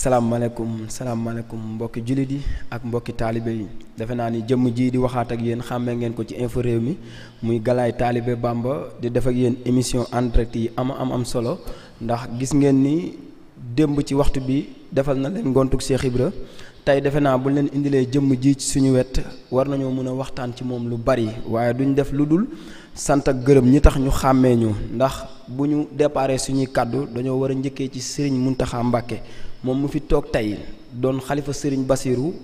salaamaaleykum salaamaaleykum mbokki jullit yi ak mbokki taalibe yi defe naa ni jëmm jii di waxaat ak yéen xàmmee ngeen ko ci info réew mi muy galaay taalibe bàmba di def ak yéen émission en direct yi ama am am solo ndax gis ngeen ni démb ci waxtu bi defal na leen ngontug Cheikh Ibra tey defe naa buñ leen indilee jëmm ji ci suñu wet war nañoo mën a waxtaan ci moom lu bari waaye duñu def lu dul sant ak gërëm ñi tax ñu xàmmee ñu ndax bu ñu déparé suñuy kàddu dañoo war a njëkkee ci Serigne Mountakha Mbacké moom mu fi toog tey doon xalifa sëriñ Basiru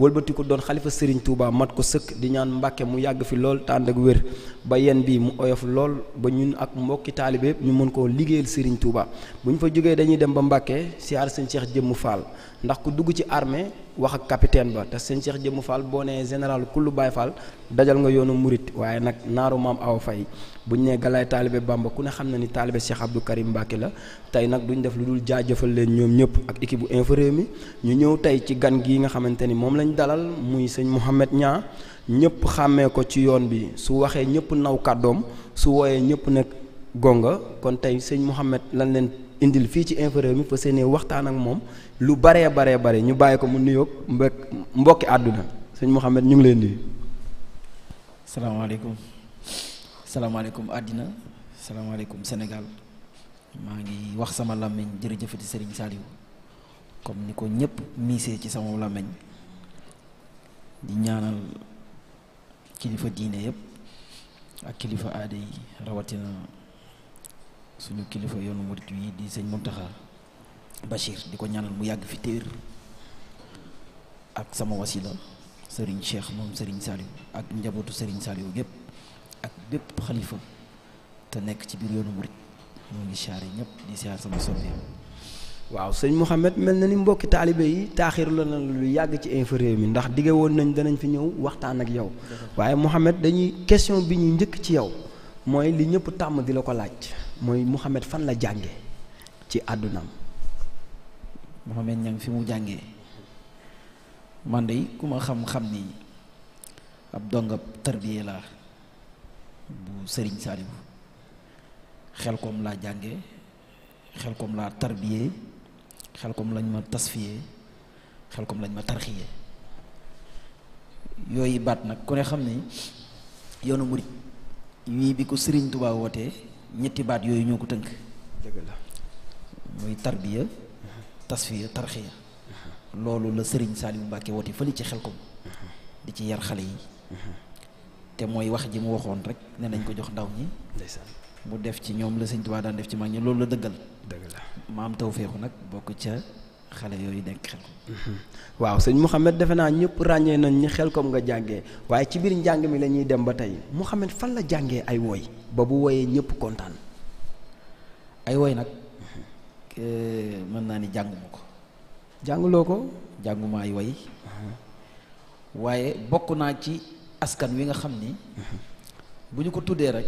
walbatiku doon xalifa sëriñ Touba mat ko sëkk di ñaan Mbàkke mu yàgg fi lool te wér ba yenn bi mu oyof lool ba ñun ak mbokki taalibe ñu mën koo liggéeyal sëriñ Touba bu ñu fa jógee dañuy dem ba Mbàkke siyaar sëñ Cheikh Jëmm Fall ndax ku dugg ci armée wax ak capitaine ba te sëñ Cheikh Jëmmu Fall boo nee général kullu Baye Fall dajal nga yoonu murit waaye nag naaru maam aw fay buñ ne galaay taalibe Bamba ku ne xam na ni taalibe Cheikh Abdou Karim Mbacke la tey nag duñ def lu dul jëfal leen ñoom ñëpp ak équipe bu Infos mi ñu ñëw tey ci gan gi nga xamante ni moom lañu dalal muy sëñ Mouhamed ñaa ñëpp xàmmee ko ci yoon bi su waxee ñëpp naw kàddoom su wooyee ñëpp nag gonga kon tey sëñ Mouhamed lan leen indil fi ci info mi fa seenee waxtaan ak mom lu bare bare bare ñu bàyyi ko mu nuyo mbokk mbokki àdduna sëñ Mouhamed ñu ngi leen nuyu. alaykum adina assalamu alaykum senegal ma ngi wax sama làmmiñ jërëjëfati Serigne saliw comme niko ñepp misé ci sama lamagne di ñaanal kilifa diine yëpp ak kilifa aada rawatina. suñu kilifa yoonu murit wi di sëñ Muntaxa Bachir di ko ñaanal mu yàgg fi téer ak sama wasila sëriñ Cheikh moom sëriñ Saliou ak njabootu sëriñ Saliou gépp ak bépp xalifa te nekk ci biir yoonu murit mu ngi siyaare ñëpp di siyaar sama soppe waaw sëñ mohamed mel na ni mbokki taalibe yi taaxir la na lu yàgg ci info mi ndax dige woon nañ danañ fi ñëw waxtaan ak yow waaye Mouhamed dañuy question bi ñuy njëkk ci yow mooy li ñëpp tàmm di la ko laaj mooy Mouhamed fan la jànge ci àddunaam Mouhamed Niang fi mu jànge man de ku ma xam-xam ni ab dongab tarbiye la bu sëriñ Saliou xel koom laa jànge xel koom laa tarbiye xel koom lañ ma tasfiye xel koom lañ ma tarxiye yooyu baat nag ku ne xam ni yoonu murit wii bi ko Serigne Touba wootee ñetti baat yooyu ñoo ko tënk. dëgg la muy tarbiya tasfiya tarxiya loolu la sëriñ Serigne Saliou Mbacke woote fële ci xelkom di ci yar xale yi. te mooy wax ji mu waxoon rek ne nañ ko jox ndaw ñi. ndeysaan mu def ci ñoom la Serigne Touba daan def ci mag ñi loolu la dëggal. dëgg la maam tawféexu nag bokk ca. xale yooyu nekk xel mm-hmm. waaw sëñ Mouhamed defe naa ñëpp ràññee nañ ni xel kom nga jànge waaye ci biir njàng mi lañuy dem ba tey Mouhamed fan la jàngee ay woy ba bu woyee ñëpp kontaan ay woy nag mën naa ni jànguma ko jànguloo ko jànguma ay woy mm-hmm. waaye bokk naa ci askan wi nga xam ni mm-hmm. bu ñu ko tuddee rek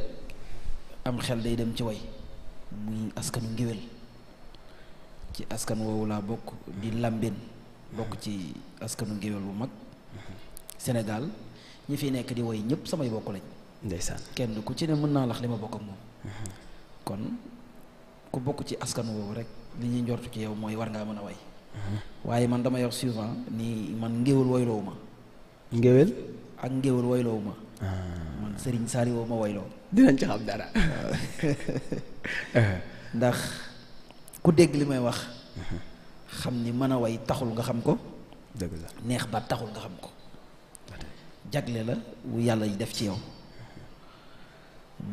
am xel day dem ci woy muy askanu ngéwél ci askan woowu laa bokk di lambin bokk ci askanu géwél bu mag Sénégal ñi fi nekk di woy ñëpp samay bokk lañ kenn ku ci ne mën naa lax li ma bokk ak moom kon ku bokk ci askan woowu rek li ñuy njortu ci yow mooy war ngaa mën a way waaye man dama yor souvent nii man ngéwél woyloowu ma ngéwél ak ngéwél woyloowu ma ah. man sëriñ Saliou ma woyloo dinañ ci xam dara eh. ndax ku dégg li may wax xam ni mën a way taxul nga xam ko dëgg la neex ba taxul nga xam ko jagle la wu yàlla def ci yow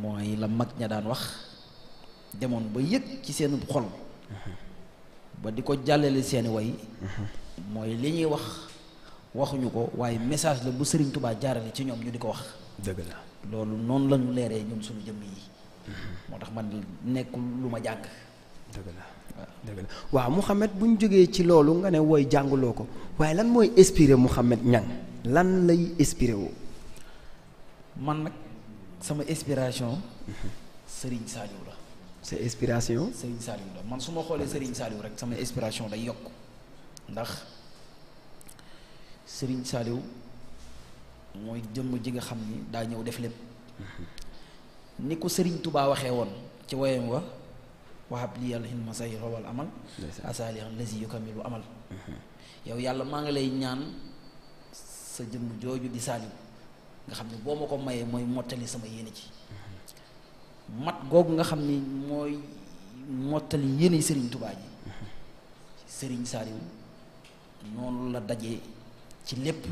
mooy la mag ña daan wax demoon ba yëg ci seen xol ba di ko jàllale seeni way mooy li ñuy wax waxuñu ko waaye message la bu Serigne Touba jaarale ci ñoom ñu di ko wax dëgg la loolu noonu lañu leeree ñoom suñu jëmm yi moo tax man nekkul lu ma jàgg dëgg la dëgg waaw Mouhamed bu ñu jógee ci loolu nga ne wooy jànguloo ko waaye lan mooy inspiré Mouhamed ñan lan lay inspiré woo. man nag sama inspiration sëriñ Saliou la. sa inspiration. Serigne Saliou la man su ma xoolee Serigne Saliou rek sama inspiration day yokk ndax sëriñ Saliou mooy jëmm ji nga xam ni daa ñëw def lépp mhm. ni ko Serigne Touba waxee woon ci woyam wa. wahab li yàlla xin masayir wal amal asalihan lazi yukamilu amal yow yàlla maa ngi lay ñaan sa jëmm jooju di saaliw nga xam ne boo ma ko mayee mooy mottali sama yéene ci mat googu nga xam ni mooy mottali yéene sëriñ tubaa ji sëriñ saaliw noonu la daje ci lépp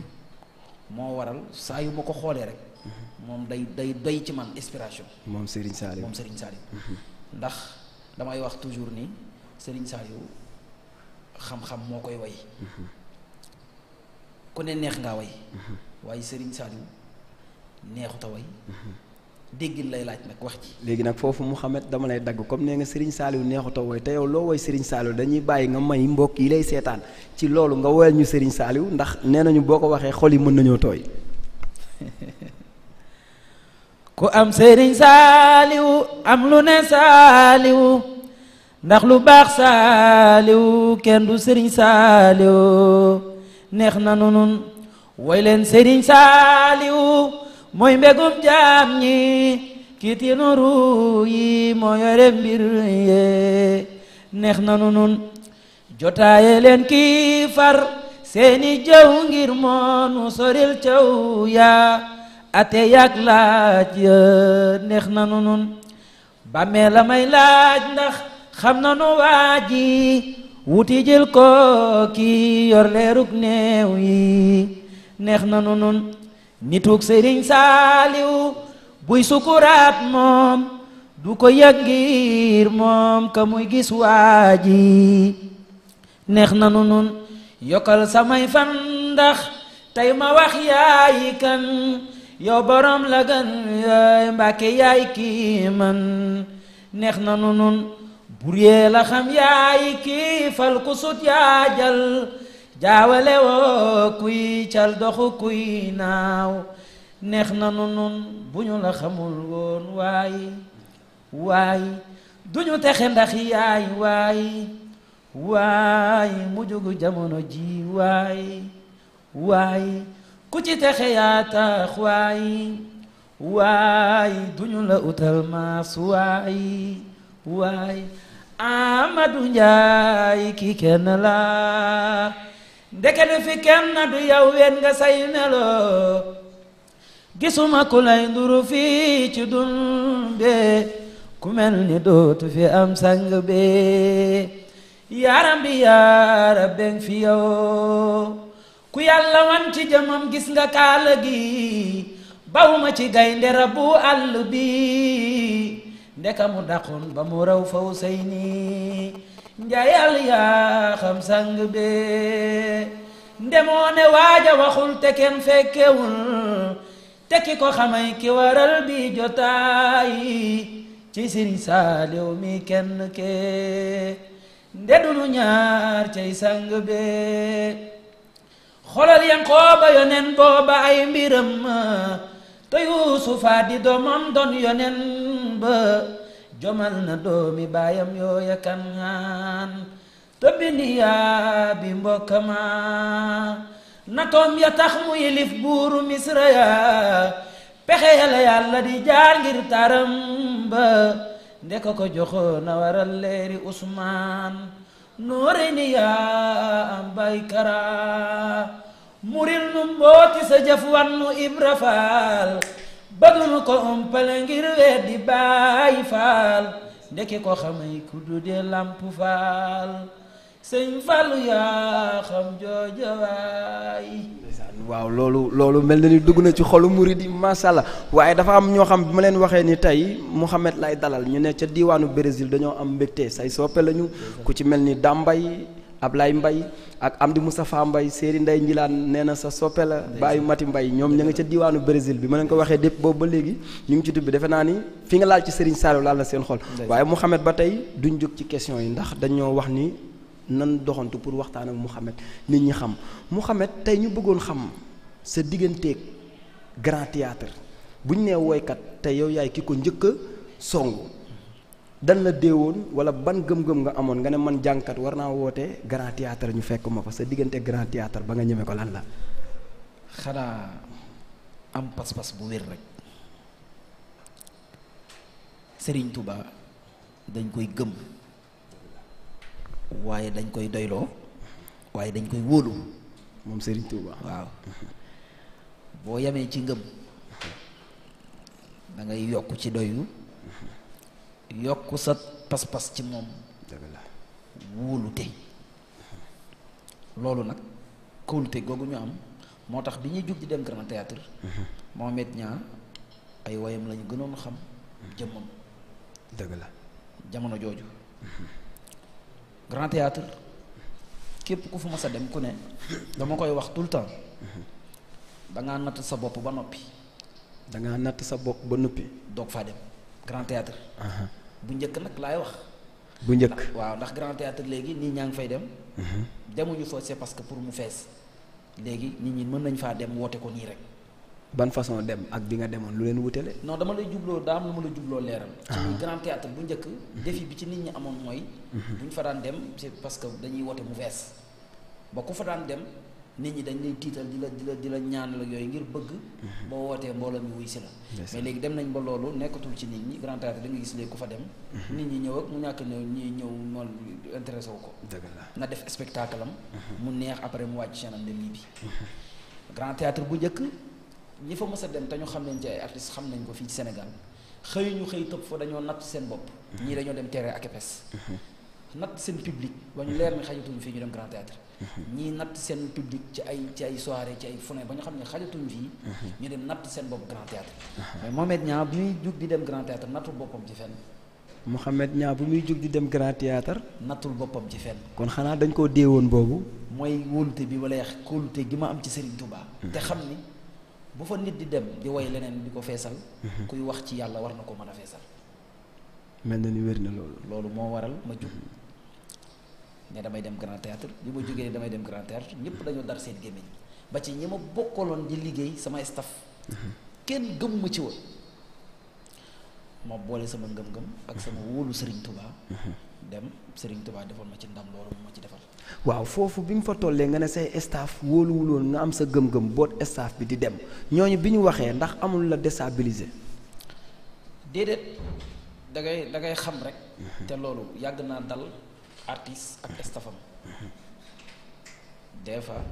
moo waral saa yu ma ko xoolee rek moom day day doy ci man inspiration moom sëriñ saaliw moom sëriñ ndax damay wax toujours ni sëriñ Saliou xam-xam moo koy way ku ne neex ngaa way waaye sëriñ Saliou neexut a way déggil lay laaj nag wax ci léegi nag foofu mu Mouhamed dama lay dagg comme nee nga Serigne Saliou neexut a woy te yow loo woy Serigne Saliou dañuy bàyyi nga may mbokk yi lay seetaan ci loolu nga woyal ñu sëriñ saaliw ndax nee nañu boo ko waxee xol yi mën nañoo tooy ku am sëriñ saaliw am lu ne saaliw ndax lu baax saaliw kenn du sëriñ saaliw neex na nu nun way leen sëriñ saaliw mooy mbegum jaam ñi kiitinu ruu yi moo yore mbir yee neex na nu nun jotaaye leen far seeni jëw ngir moonu soril caw ate yàgg laaj ya neex na nun bàmmee la may laaj ndax xam nanu waa ji wuti jël ko ki yor leerug néew yi neex na nun nitug sëriñ saaliw buy sukuraat moom du ko yàgg ngir moom ka muy gis waa ji neex nanu nun yokkal samay fan ndax tey ma wax yaayi kan yow borom la gën yooyu mbàkke yaay kii neex na nu nun la xam yaay kii fal ku sut yaajal jaawale woo kuy cal doxu kuy naaw neex na nu bu ñu la xamul woon waay waay duñu texe ndax yaay waay waay mu jugu jamono ji waay waay ku ci texe yaa tax waay waay duñu la utal maas waay waay Amadou Njaay ki kenn la ndeke ne fi kenn du yow ween nga say melo gisuma ku lay nduru fii ci dun be ku mel ni dootu fi am sang be yaaram bi yaara beng fi yow ku yàlla wan ci jëmam gis nga kaala gi bawuma ci gaynde rabu àll bi ndeka mu daqoon ba mu raw faw sëy nii njayal yaa xam sang bee ndemoo ne waaja waxul te kenn fekkewul te ki ko xamay ki waral bi jotaay ci sëriñ saaliw mi kenn ke nde du nu ñaar cay sang bee xolal Yanqooba yonen booba ay mbiram te Yuusufa di doomam doon yonen ba jomal na doomi baayam yooya Kanaan te Biniyaa bi mbokkama natoom ya tax mu yilif buuru Misra ya pexe la yàlla di jaar ngir taram ba ndeka ko joxoon na waral leeri Usmaan noore ni yaa am bay karaa muril nu mbooti sa jëf wan ibra faal bëggunu ko umpale ngir weddi baay faal ndeke ko xamay ku dudee làmp faal sëñ faalu yaa xam joojowaay waaw loolu loolu mel na ni dugg na ci xolu murid yi macha waaye dafa am ñoo xam bi ma leen waxee ni tey Mouhamed lay dalal ñu ne ca diwaanu Brésil dañoo am mbégte say soppe lañu ku ci mel ni Dambay Ablaye Mbaye ak Amdi Moustapha Mbaye Séeri Ndey Njilaan nee na sa soppe la bàyyi Mati Mbaye ñoom ña nga ca diwaanu Brésil bi ma leen ko waxee dépp boobu ba léegi ñu ngi ci tubbi defe naa ni fi nga laal ci Serigne saalo laal na seen xol waaye Mouhamed ba tey duñ jóg ci question yi ndax dañoo wax ni nan doxantu pour waxtaan ak Muhammad nit ñi xam muhammad tay ñu bëggoon xam sa digënté grand théâtre buñ woy kat tay yow yaay kiko ñëkk songu dan la deewoon wala ban gëm-gëm nga amoon nga ne man jankat warna naa grand théâtre ñu fekk ma fa sa digënté grand théâtre ba nga ñëmé ko lan la am pas pass bu wër rek Serigne Touba dañ koy gëm waaye dañ koy doyloo waaye dañ koy wóolu moom Serigne Touba waaw boo yamee ci ngëm da ngay yokk ci doyu yokk sa pas-pas ci moom la wóolute loolu nag kóolute googu ñu am moo tax bi ñuy jug di dem Grand Théâtre Mohamed Niang ay woyam la gënoon xam jëmmam dëgg la jamono jooju grand théâtre képp ku fu ma sa dem ku ne dama koy wax tout le temps dangaa natt sa bopp ba noppi dangaa natt sa bopp ba noppi doog faa dem grand théâtre bu njëkk nag laay wax bu njëkk waaw ndax grand théâtre léegi nit ñaa ngi fay dem mhm. demuñu fa c'est parce que pour mu fees léegi nit ñi mën nañ faa dem woote ko nii rek ban façon dem ak bi nga demone lu len wutale non dama lay djublo da am lu ma la jubloo leeral ah. suñu grand théâtre bu ñëk défi bi ci nit ñi amoon moy mhm. buñ fa daan dem c'est parce que dañuy wote mu vees ba ku fa daan dem nit ñi dañ lay tital di la di la di la ñaan la yoy ngir bëgg mhm. bo woté mbolam mi wuy ci la mais légui dem nañ ba lolu nekkatul ci nit ñi grand théâtre da nga gis léegi ku fa dem mhm. nit ñi ñëw ak mu ñak ñëw ñi ñëw non intéressé wu ko na def spectacle am mu neex après mu wacc ci anam dem bi grand théâtre bu ñëk ñi fa mës a dem te ñu xam nañ ci ay xam nañ ko fii ci Sénégal ñu xëy tëb fa dañoo natt seen bopp. Mhm. ñii dañoo dem terrain ak EPS. Mhm. natt seen public ba ñu leer ni xajatuñu fii ñu dem Grand mhm. ñii natt seen public ci ay ci ay soirée ci ay fune ba ñu xam ne xajatuñu fii ñu dem natt seen bopp Grand Théâtre mais Mohamed Niang bi muy jug di dem Grand Théâtre nattul boppam ci fenn Mohamed Niang bu muy jug di dem Grand Théâtre nattul boppam ci fenn kon xanaa dañ koo dee woon boobu mooy wóolute bi wala kóolute gi ma am ci Serigne Touba te xam ni bu fa nit di dem di woy leneen di ko feesal. Mhm. kuy wax ci yàlla war na ko mën a feesal. mel na ni wér na loolu. loolu moo waral ma jug mhm. ne damay dem grand théâtre bi ma jógee damay dem grand théâtre ñëpp dañoo dar seen gémmiñ ba ci ñi ma bokkaloon di liggéey sama staff. Mhm. kenn gëm ci woon. ma boole sama ngëm-ngëm ak sama wóolu sëriñ Touba. dem Serigne Touba defoon ma ci ndam loolu moo ma ci defal. waaw foofu bi mu fa tollee nga ne say staff wóoluwuloon nga am sa gëm-gëm boot staff bi di dem ñooñu bi ñu waxee ndax amul la déstabiliser. déedéet dangay dangay xam rek. te loolu yàgg naa dal artiste ak staffam. des fois.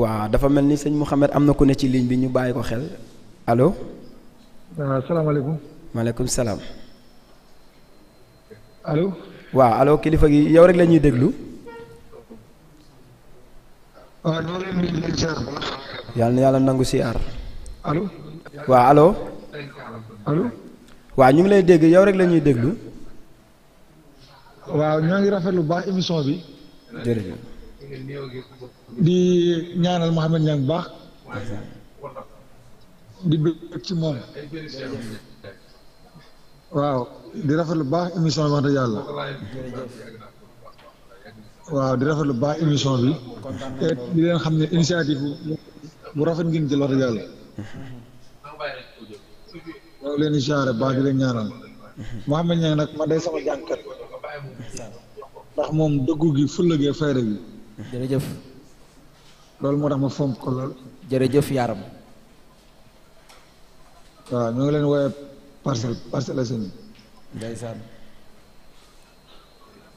waaw dafa mel ni sëñ Mouhamed am na ku ne ci ligne bi ñu bàyyi ko xel allo. waaw ah, salaamaaleykum. maaleykum salaam. allo. waaw allo kilifa gi yow rek la ñuy déglu. waaw ñoo nangu si allo. waa allo. allo. waa ñu ngi lay dégg yow rek la ñuy déglu. ngi rafetlu baax émission bi. jërëjëf. di ñaanal Mouhamed Niang baax. di bëgg ci moom. waaw di rafetlu bu baax émission bi wax waaw di rafetlu ini émission bi di leen xam ne initiative bu rafet ngeen jël mhm. wax yàlla leen baax di leen ñaanal mhm. Mouhamed Niang nag day sama jànkat ndax moom dëggu gi fayda gi jërëjëf loolu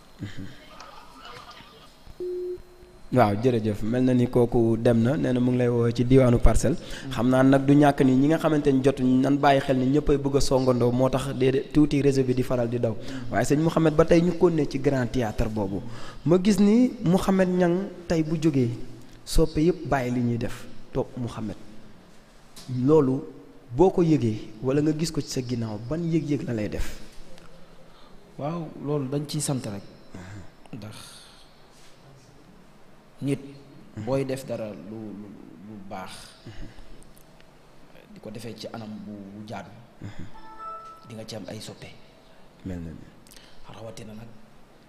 moo waaw jërëjëf mel na ni kooku dem na nee na mu ngi lay woowee ci diwaanu parcelle mm-hmm. xam naa nag du ñàkk nii ñi nga xamante ni jotu nan bàyyi xel ni ñëpp ay bëgg a songandoo moo tax déedéet tuuti réseau bi di faral di daw mm-hmm. waaye sañ Mouhamed ba tey ñu ne ci grand théâtre boobu ma gis ni Mouhamed Niang tey bu jógee soppe yëpp bàyyi li ñuy def topp Mouhamed loolu boo ko yëgee wala nga gis ko ci sa ginnaaw ban yëg-yëg la lay def waaw loolu dañ ciy sant rek mm-hmm. ndax nit booy def dara lu lu baax di ko defee ci anam bu bu jaadu di nga ci am ay soppe mel na rawatina nag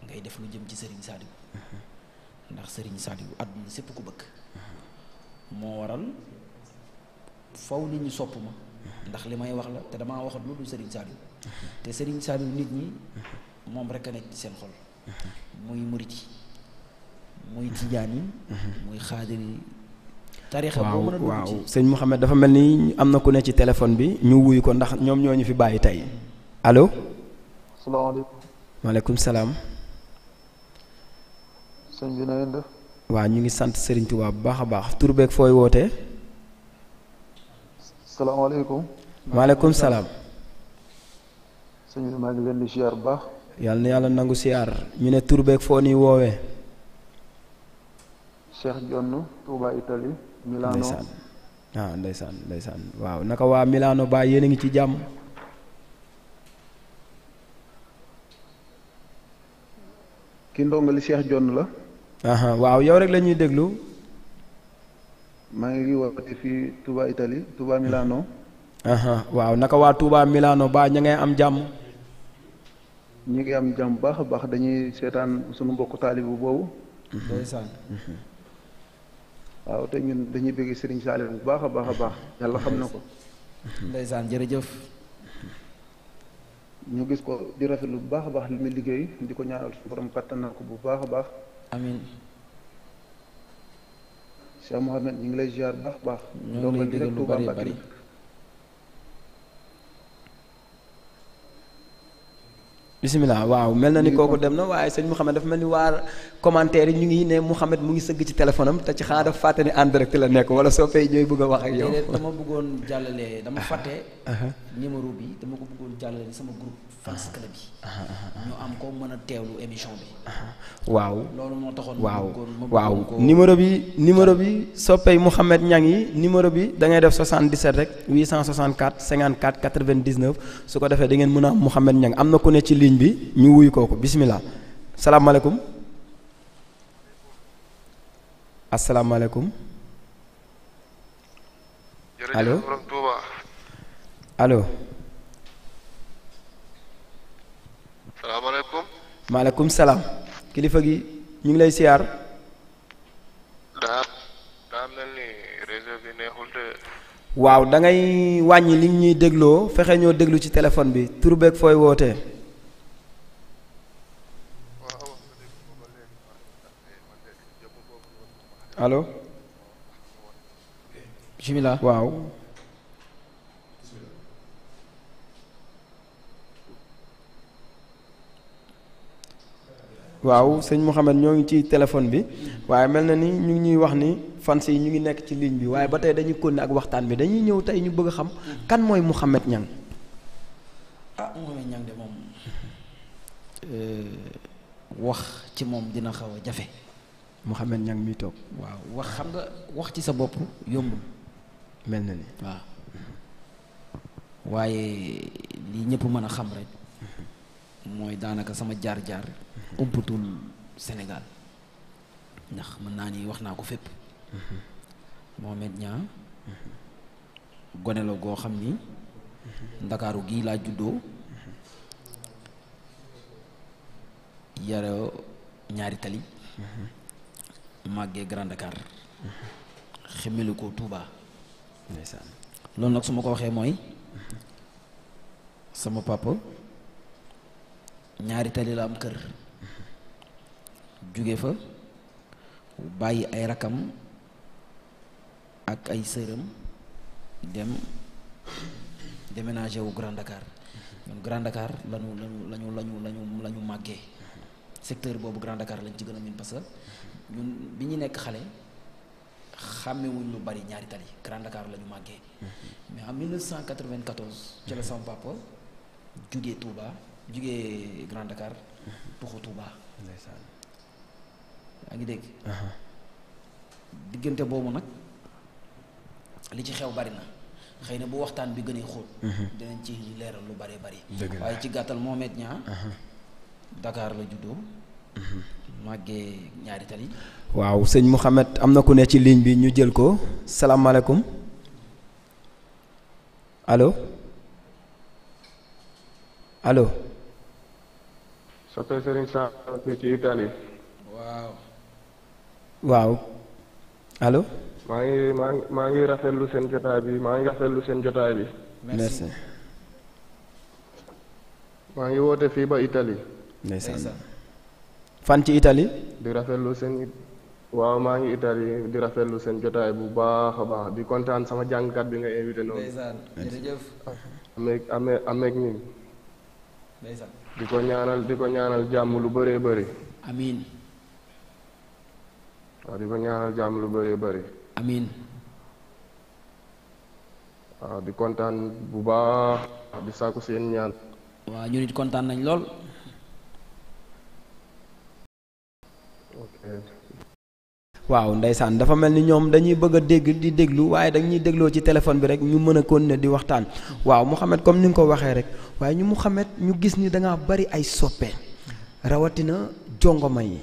ngay def lu jëm ci sëriñ Saliou ndax Serigne Saliou àdduna sépp ko bëgg moo waral faw nit ñi sopp ma ndax li may wax la te dama waxat lu dul Serigne Saliou te sëriñ Saliou nit ñi moom rek a nekk ci seen xol muy murit yi muy tijaan yi mhm. muy xaadir yi waaw sëñ Mouhamed dafa mel ni am na ku ne ci téléphone bi ñu wuyu ko ndax ñoom ñoo ñu fi bàyyi tey alo salaamaaleykum. salaam. sëñ bi waa ñu ngi sant sëriñ Touba bu baax a baax tur fooy wootee. salaamaaleykum. maaleykum salaam. sëñ bi maa ngi leen di siyaar baax. yàlla na yàlla nangu siyaar ñu ne tur beeg foo nii woowee. Cheikh Jonn Touba Italie Milano ndeysaan ah ndeysaan ndeysaan waaw naka wa Milano bayi yene ngi ci jam ki ndongali Cheikh Jonn la aha waaw yow rek lañuy deglu? maa ngi wote Tuba Touba Italie Touba Milano aha waaw naka wa Touba Milano ba ña am jam? ñi ngi am jam baax baax dañuy sétane suñu mbokk taalibu bobu mhm. waaw te ñun dañuy bëgg sëriñ Saliou bu baax a baax a baax yàlla xam na ko. ndeysaan jërëjëf. ñu gis ko di rafetlu bu baax a baax li muy liggéey di ko ñaanal suñu borom kattanal ko bu baax a baax. amiin. Cheikh Mouhamed ñu ngi lay ziar baax a baax. ñoo ngi lay lu bari bari bisimilah waaw mel na ni kooku dem na waaye sëñ Mouhamed dafa mel ni waa commentaire yi ñu ngi ne Mouhamed mu ngi sëgg ci téléphone am te ci xanaa dafa fàtte ni en direct la nekk wala soo fay ñooy bëgg a wax ak yow. dama bëggoon jàllale dama fàtte. numéro bi dama ko bëggoon jàllale sama groupe fans club bi ñu am ko mën a teewlu émission bi waaw loolu moo taxoon waaw waaw numéro bi numéro bi soppey mohammed Niang yi numéro bi da ngay def 77 rek 864 54 99 su ko defee da ngeen mën a am Mouhamed Niang am na ku ne ci ligne bi ñu wuyu kooku bismillah salaamaaleykum asalaamaaleykum allo allo. salaamaaleykum. maaleykum salaam. kilifa gi ñu ngi lay siyaar. waaw dangay wàññi li ñuy dégloo fexe ñoo déglu ci téléphone bi tur fooy wootee. alo bisimilah waaw. waaw seigne mohammed ñoo ngi ci téléphone bi waaye mel na ni ñu ñuy wax ni fans yi ñu ngi nekk ci ligne bi waaye ba tey dañuy konne ak waxtaan bi dañuy ñëw tey ñu bëgg xam kan mooy mohammed ñang ah Mouhamed ñang de moom euh, wax ci moom dina xaw a jafe Mouhamed Niang mi toog waaw wax xam nga wax ci sa bopp yomb mel na ni waaw waaye li ñëpp mën a xam rek mooy daanaka sama jaar-jaar umpatul Sénégal ndax mën naa ni wax naa ko fépp Mohamed Niang gone la goo xam ni ndakaaru gii laa juddoo yaroo ñaari tali màggee Grand Dakar xemmelu ko Touba ndeysaan loolu nag su ma ko waxee mooy sama papa ñaari tali la am kër jóge fa bàyyi ay rakam ak ay sëram dem déménager wu Grand Dakar ñun Grand Dakar lañu lañu lañu lañu lañu màggee secteur boobu grande car lañ ci gën a miin parce que ñun bi ñu nekk xale xàmmewuñ lu bari ñaari tali Grand Dakar lañu màggee mais am 1994 ci la sama papa jugee Grand Dakar tuxu Touba. yaa ngi dégg diggante boobu nag li ci xew bari na xëy na bu waxtaan bi gën a xóot mhm. dinañ ci leeral lu bari bari waaye ci gàttal Mohamed Niang Dakar la juddoo mhm. màggee ñaari tali waaw sëñ Mouhamed am na ku ne ci ligne bi ñu jël ko salaamaaleykum allo alo soppe Serigne Sall ci waaw waaw alo maa ngi maa ngi maa ngi rafetlu seen jotaay bi maa ngi rafetlu seen jotaay bi. merci. maa ngi woote fii ba itali ndeysaan fan ci Italie. di rafetlu seen. waaw maa ngi Italie di rafetlu seen jotaay bu baax a baax di kontaan sama jàngkat bi nga invité noonu. ndeysaan jërëjëf. amee amee amee ñun. ndeysaan. di ko ñaanal di ko ñaanal jàmm lu baree bëri. waaw di ko ñaanal lu di kontaan bu baax di sàkku seen ñaan. ñu nit kontaan nañ lool. waaw dafa mel ni dañuy bëgg dégg di déglu waaye ñuy dégloo ci téléphone bi rek ñu mën a continuer di waxtaan waaw Muhammad comme ni nga ko waxee rek waaye ñu muhammad ñu gis ni da ngaa bari ay soppe rawatina jongoma yi.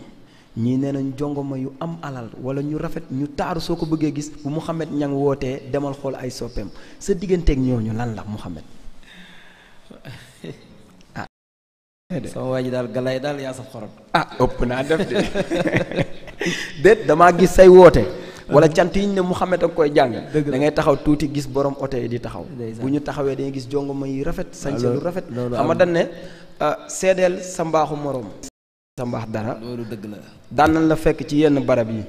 ñii nee nañ jongoma yu am alal wala ñu rafet ñu taaru soo ko bëggee gis bu Mouhamed ñang wootee demal xool ay soppeem sa digganteeg ñooñu lan la Mouhamed ah. Eh sama waa ji daal galaay daal yaa sa xorom. ah ëpp naa def de déet damaa gis say woote. wala cant yi ñu ne Mouhamed ak koy jàng. da ngay taxaw tuuti gis borom oto yi di taxaw. bu ñu taxawee dañuy gis jongoma yu rafet. sañse ah, lu rafet. xam nga dañ ne ah, sa mbaaxu moroom. sa mbaax dara loolu dëgg la daan la fekk ci yenn barab yi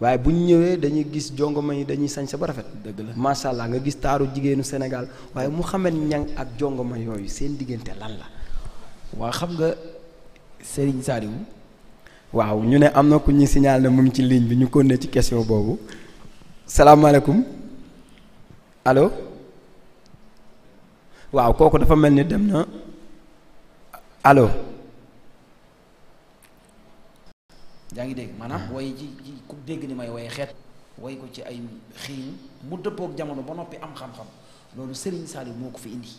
waaye buñ ñëwee dañuy gis jongama yi dañuy sañ sa ba rafet dëgg la macha allah nga gis taaru jigéenu senegal waaye Mouhamed Niang ak jongama yooyu seen diggante lan la waa xam nga Serigne Saliou waaw ñu ne am na ku ñuy signal ne mu ngi ci ligne bi ñu konne ci question boobu salaamaaleykum allo waaw kooku dafa mel ni dem na allo jaa ngi dégg maanaam way ci ci ku dégg ni may way xeet way ko ci ay xiin mu dëppook jamono ba noppi am xam-xam loolu Serigne Saliou moo ko fi indi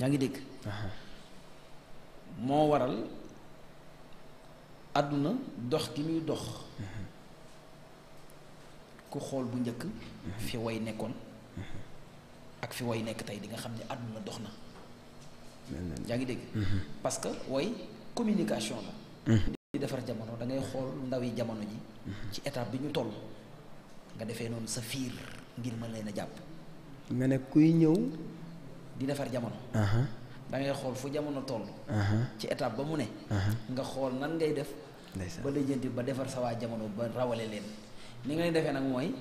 yaa ngi dégg moo waral àdduna dox gi muy dox ku xool bu njëkk fi way nekkoon ak fi way nekk tey di nga xam ne àdduna dox na yaa ngi dégg mhm. parce que way communication la mhm. di defar jamono da ngay ndaw ndawi jamono ji mhm. ci étape bi ñu toll nga defé non sa fiir ngir mën leena japp nga ne kuy ñew di defar jamono da ngay xol fu jamono toll ci étape ba mu ne nga xol nan ngay def ba jenti ba defar sa wa jamono ba rawale leen ni ngay defé nak moy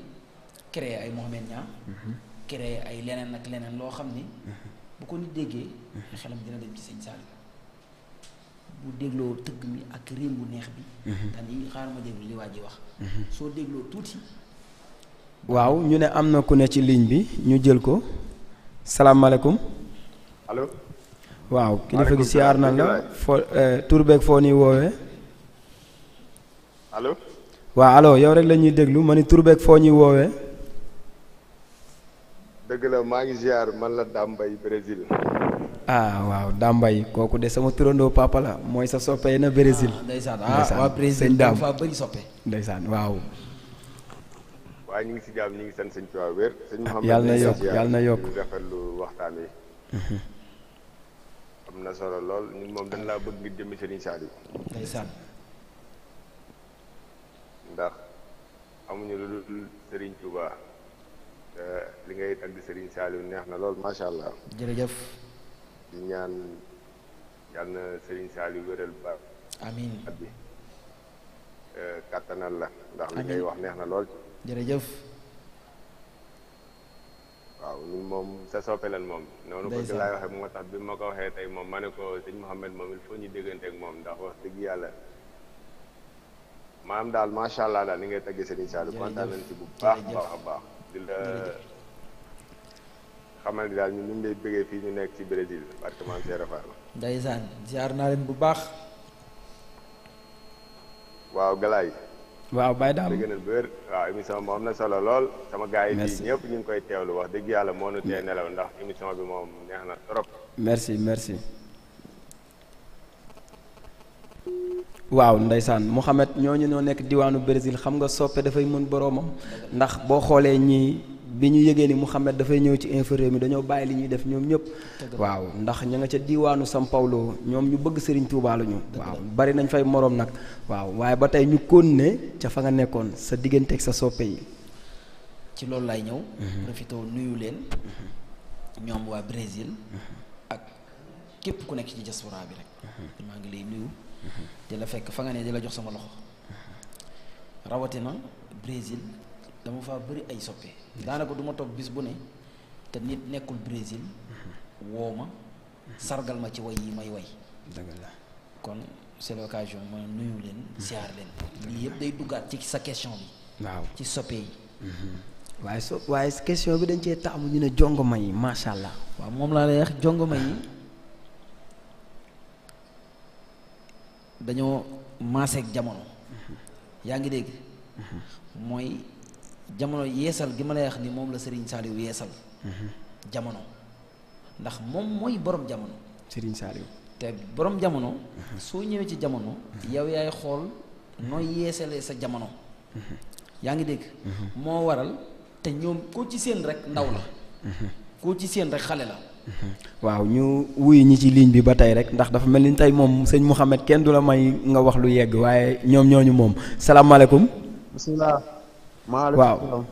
créer ay mohamed ñaa mhm. créer ay leneen nak leneen lo xamni mhm. bu ko nit déggé xelam dina dem ci seigne salih bu dégloo tëgg mi ak riim bu neex bi. dañuy mhm. xaar ma déglu li waa ji wax. Mhm. soo dégloo tuuti. waaw ñu ne am na ku ne ci ligne bi ñu jël ko salaamaaleykum. allo. waaw kilifa gi siyaar na la fo eh, tur foo nii woowee. allo. waaw allo yow rek lañuy déglu ma ni tur foo ñuy woowee. dëgg la maa ngi ziar man la Dame Mbaye Brésil. ah waaw yi kooku de sama turandoo papa mooy sa soppe na Brésil. Ah, ndeysaan ah waa Brésil dafa fa bëri soppe. ndeysaan waaw. waaw ñu ngi si jàmm ñu ngi sant sëñ Tuubaa wér. sëñ Mouhamed yàlla na yokk yàlla na yokk rafetlu waxtaan wi. Mhm. na solo lool moom dañ laa bëgg ngir jëmmi Sëriñ Saliou. ndax amuñu lu dul Sëriñ Tuubaa li ngay tagg Sëriñ Saliou neex na lool macha allah. di ñaan yal na Serigne Saliou wéral ba amiin at bi eh, la ndax li ngay wax neex na lool jërëjëf waaw ñun moom sa soppe lan moom noonu ko laay waxee moo tax bi ma ko waxee tey moom ma ne ko sëñ Mouhamed moom il foo ñu déggante ak moom ndax wax dëgg yàlla maam daal macha allah daal li ngay tàggee Serigne Saliou kontaan nañ bu baax a baax baax xamal ni daal ñun ñu lay bëggee fii ñu nekk ci Brésil appartement Serre Fall. ndeysaan ziar naa leen bu baax. waaw Galaye. waaw Baye Dame dégg nañu wér waaw émission am na solo lool. sama gars yi fii ñëpp ñu ngi koy teewlu wax dëgg yàlla moo nu tee nelaw ndax émission bi moom neex na trop. merci merci. waaw ndeysaan Mouhamed ñooñu noo nekk diwaanu Brésil xam nga soppe dafay mën boroomam ndax boo xoolee ñii. bi ñu yëgee ni Mouhamed dafay ñëw ci inférieur mi dañoo bàyyi li ñuy def ñoom ñëpp waaw ndax ña nga ca diwaanu São Paulo ñoom ñu bëgg Serigne Touba ñu waaw bari nañ fay moroom nag waaw waaye ba tey ñu ne ca fa nga nekkoon sa diggante ak sa soppe ci loolu laay ñëw mhm. profité nuyu leen mhm. ñoom waa Brésil mhm. képp ku nekk ci diaspora bi rek maa ngi lay nuyu di la fekk fa nga ne di la jox sama loxo rawatina Brésil dama faa bëri ay soppe daanaka duma ma toog bis bu ne te nit nekkul Brésil woo ma sargal ma ci way yi may way dëgg la kon c'est l'occasion ma nuyu leen siyaar mm-hmm. leen lii yëpp day duggaat ci sa question bi waaw ci soppe yi mm-hmm. waaye so waaye question bi dañ cee taamu ñu ne yi macha allah. waa moom laa lay wax jongoma yi dañoo maaseeg jamono mm-hmm. yaa ngi dégg mooy jamono yeesal gi ma lay wax ni mom la Serigne saliw yeesal. Mhm. jamono ndax mom moy borom jamono. Serigne saliw te borom jamono. Mhm. so ñewé ci jamono. Mhm. yow yaay xol nooy yeesalee sa jamono. yaa ngi waral te ñoom ko ci seen rek ndaw la. ko ci seen rek xalé la. waaw ñu wuy ñi ci ligne bi ba tay rek ndax dafa melni tay mom, moom mohammed Mouhamed kenn du may nga wax lu yegg waaye ñoom mom assalamu alaykum bismillah waaw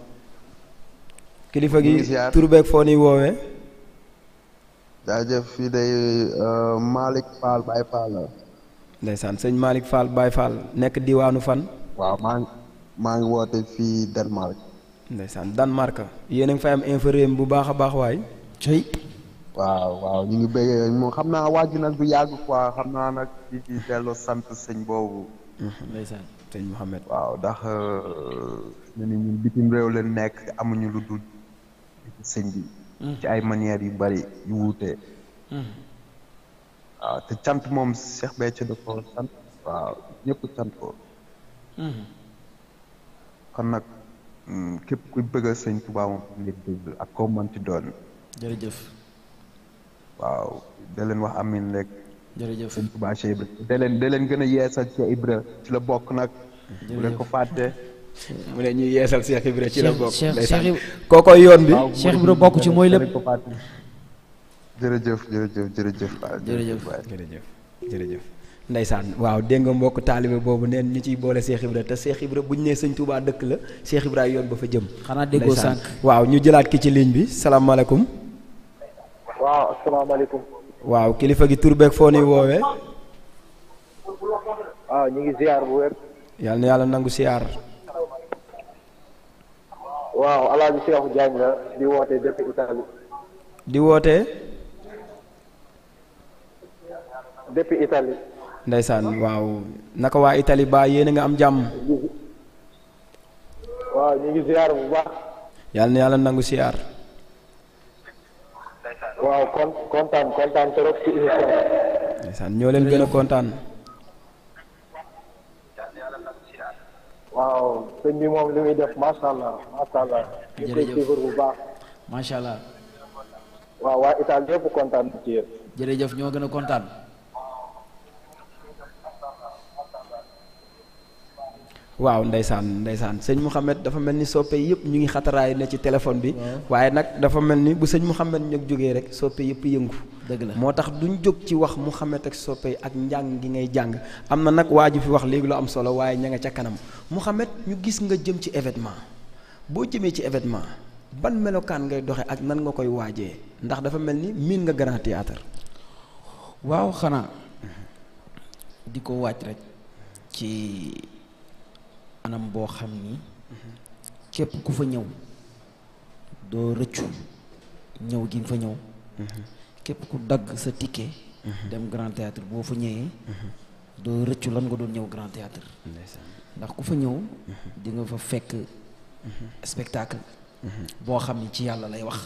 kilifa gi tur foo ni woowee. jaajëf fii day euh, Malick Fall Baye Fall la. ndeysaan sëñ Malick Fall Baye Fall nekk diwaanu fan. waaw maa ngi maa ngi woote fii Danemark. ndeysaan Danemark yéen a ngi fay am infirmier bu baax a baax waay. cey. waaw waaw ñu ngi bëggee moom xam naa waaj nag bu yàgg quoi xam naa nag di ci sant sëñ boobu. ndeysaan sëñ Mouhamed. waaw ndax. Euh, ne ni bitim réew leen nekk amuñu lu dul sëñ bi hmm. ci ay manières yu bari yu wuute hmm. waaw te cant moom Cheikh Béthio da ko sant waaw ñëpp cant ko hmm. kon nag képp kuy bëgg a sëñ Tuubaa moom nit dégg ak koo mënti doon jërëjëf waaw da leen wax amin rek jërëjëf sëñ Tuubaa Cheikh Ibra da leen da leen gën a yeesal ci Ibra ci la bokk nag bu leen ko fàtte mu ne ñu yeesal cheikh ibra ci la bokk cheikh koko yoon bi cheikh ibra bokk ci moy lepp jërëjëf jërëjëf jërëjëf jërëjëf jërëjëf jërëjëf ndaysan waaw dégg nga mbokk taalibe boobu neen ñu ciy boole cheikh ibra te cheikh ibra buñ ne sëñ touba dëkk la cheikh ibra yoon ba fa jëm waaw ñu jëlaat ki ci ligne bi salaamaaleykum waaw asalaamaaleykum waaw kilifa gi tur beeg foo ni woowee waaw ñu ngi ziar bu wér yàlla na nangu ziar waaw alaaji Cheikh Diagne la di woote depuis Italie. di woote. depuis Italie. ndeysaan waaw naka waa Italie ba yéen a nga am jàmm. waaw ñu ngi ziar bu baax. yàlla na yàlla nangu ziar. waaw kon kontaan kontaan trop ci émission ndeysaan ñoo leen gën a kontaan. Wow, sëñ bi moom li muy def macha allah macha allah. jërëjëf bu baax. macha allah. waaw waa kontan. waaw san. ndeysaan sëñ Mouhamed dafa mel ni soppe yëpp ñu ngi xataraay ne ci téléphone bi waaye nag dafa mel ni bu sëñ Mouhamed ñog jógee rek soppe yëpp yëngu dëgg la moo tax duñ jóg ci wax Mouhamed ak soppe ak njàng gi ngay jàng am na nag waa ji fi wax léegi lu am solo waaye ña nga ca kanam Mouhamed ñu gis nga jëm ci événement boo jëmee ci événement ban melokaan ngay doxe ak nan nga koy waajee ndax dafa mel ni min nga grand théâtre waaw xanaa di ko waaj rek ci anam boo xam ni képp ku fa ñëw doo rëccu ñëw gi nga fa ñëw képp ku dagg sa ticket dem grand théâtre boo fa ñëwee doo rëccu lan nga doon ñëw grand théâtre ndax ku fa ñëw mhm. di nga fa fekk mhm. spectacle mhm. boo xam ne ci yàlla lay wax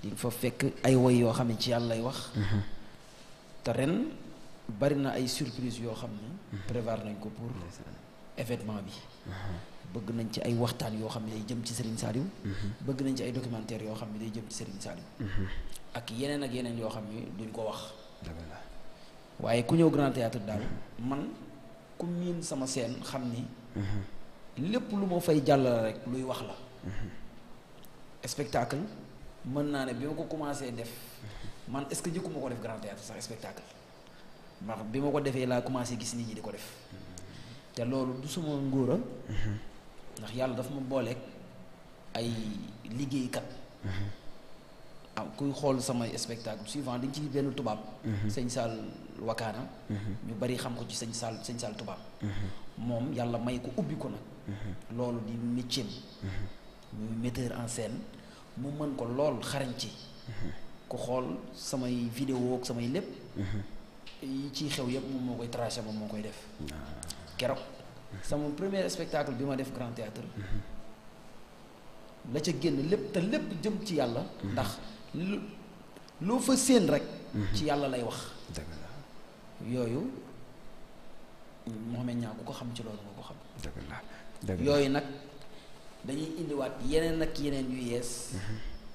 di fa fekk ay woy yoo xam ne ci yàlla lay wax te ren bari na ay surprise yoo xam ne prévare nañ ko pour événement bi uh-huh. bëgg nañ ci ay waxtaan yoo xam ne day jëm ci Serigne Saliou uh-huh. bëgg nañ ci ay documentaire yoo xam ne day jëm ci Serigne Saliou uh-huh. ak yeneen ak yeneen yoo xam ne duñ ko wax waaye ku ñëw Grand Théâtre daal man ku miin sama seen xam ni lépp lu ma fay jàllale rek luy wax la spectacle mën naa ne bi ma ko commencé def man est-ce que njëkkuma ko def Grand Théâtre sax spectacle ndax bi ma ko defee laa commencé gis nit ñi di ko def te loolu du suma ngóora mhm. ndax yàlla dafa ma booleek ay liggéeykat mhm. am kuy xool samay spectacle suivant di ci benn tubaab mhm. sëñ Saal Wakaana ñu bari xam ko ci sëñ Saal sëñ Saal tubaab moom yàlla may ko ubbi ko nag loolu di métier muy metteur en scène mu mën ko lool xarañ ci ku xool samay video ak samay lépp yi ciy xew yépp moom moo koy tracé moom moo koy def ah. keroog sama premier spectacle di ma def grand théâtre la ca génn lepp te lepp jëm ci yalla ndax lu fa seen rek ci yalla lay wax yoyu Mouhamed Niang ku ko xam ci lolu ko xam yoyu nak dañuy wat yenen nak yenen yu yes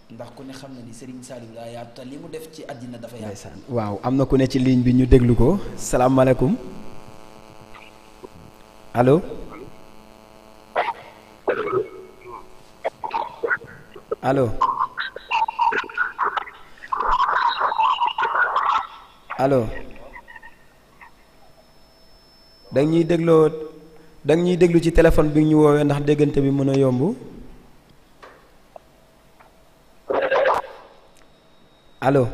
ndax ku ne xam na ni Serigne salim la yaatu te def ci adina dafa yaatu waaw amna ku ne ci ligne bi ñu déglu ko alaykum allo allo allo da ñuy dégloo da ñuy déglu ci téléphone bi ñu woowee ndax déggante bi mën a yomb allo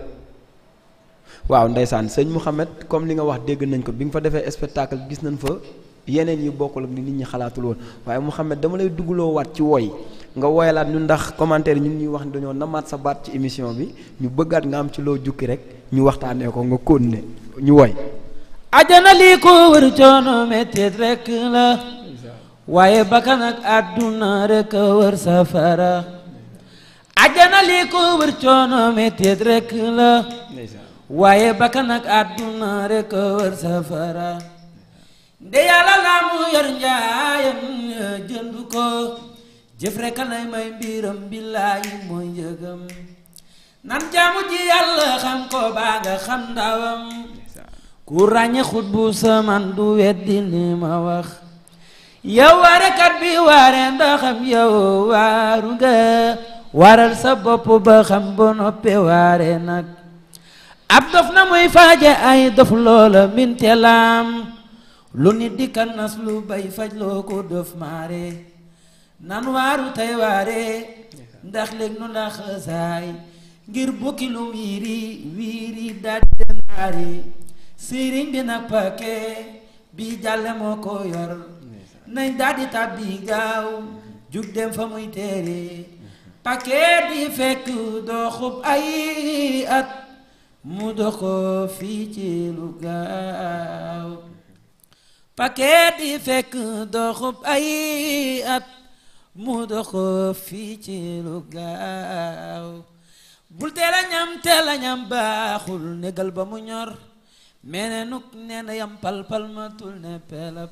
waaw ndeysaan sëñ Mouhamed comme li nga wax dégg nañ ko bi nga fa defee spectacle gis nañ fa yeneen yi bokkul ak li nit ñi xalaatul woon waaye Mouhamed dama lay dugaloo waat ci woy nga woyalaat ñun ndax commentaire ñu ñuy wax ne dañoo namaat sa baat ci émission bi ñu bëggaat nga am ci loo jukki rek ñu waxtaanee ko nga ñu woy ajana la waaye bakkan ak àdduna rek a a wër safara nde yàlla laa mu yor njaayam jënd ko jëf rekk lay may mbiram billaahi mooy njëgam nan jaamu ji yàlla xam ko baa nga xam ndawam ku ràññe xut bu saman du weddi li ma wax yow waarekat bi waare ndaxam yow waaru nga waral sa bopp ba xam ba noppe waare nag ab dof na muy faaje ay dof loola minte lu nit di kan nas lu bay faj loo ko def maare nan waaru tey waare ndax léeg nu la ngir bukki lu wiiri wiiri dàdde naari sëriñ bi nag pake bi jàlle moo ko yor nañ daldi tab gaaw jug dem fa muy téere pake di fekk doxub ay at mu dox ko fii ci lu gaaw paquet yi fekk doxub ay at mu doxoo fii ci lu gaaw bul teel a ñam teel a ñam baaxul négal ba mu ñor mene nuk nee yam palpal matul ne pelab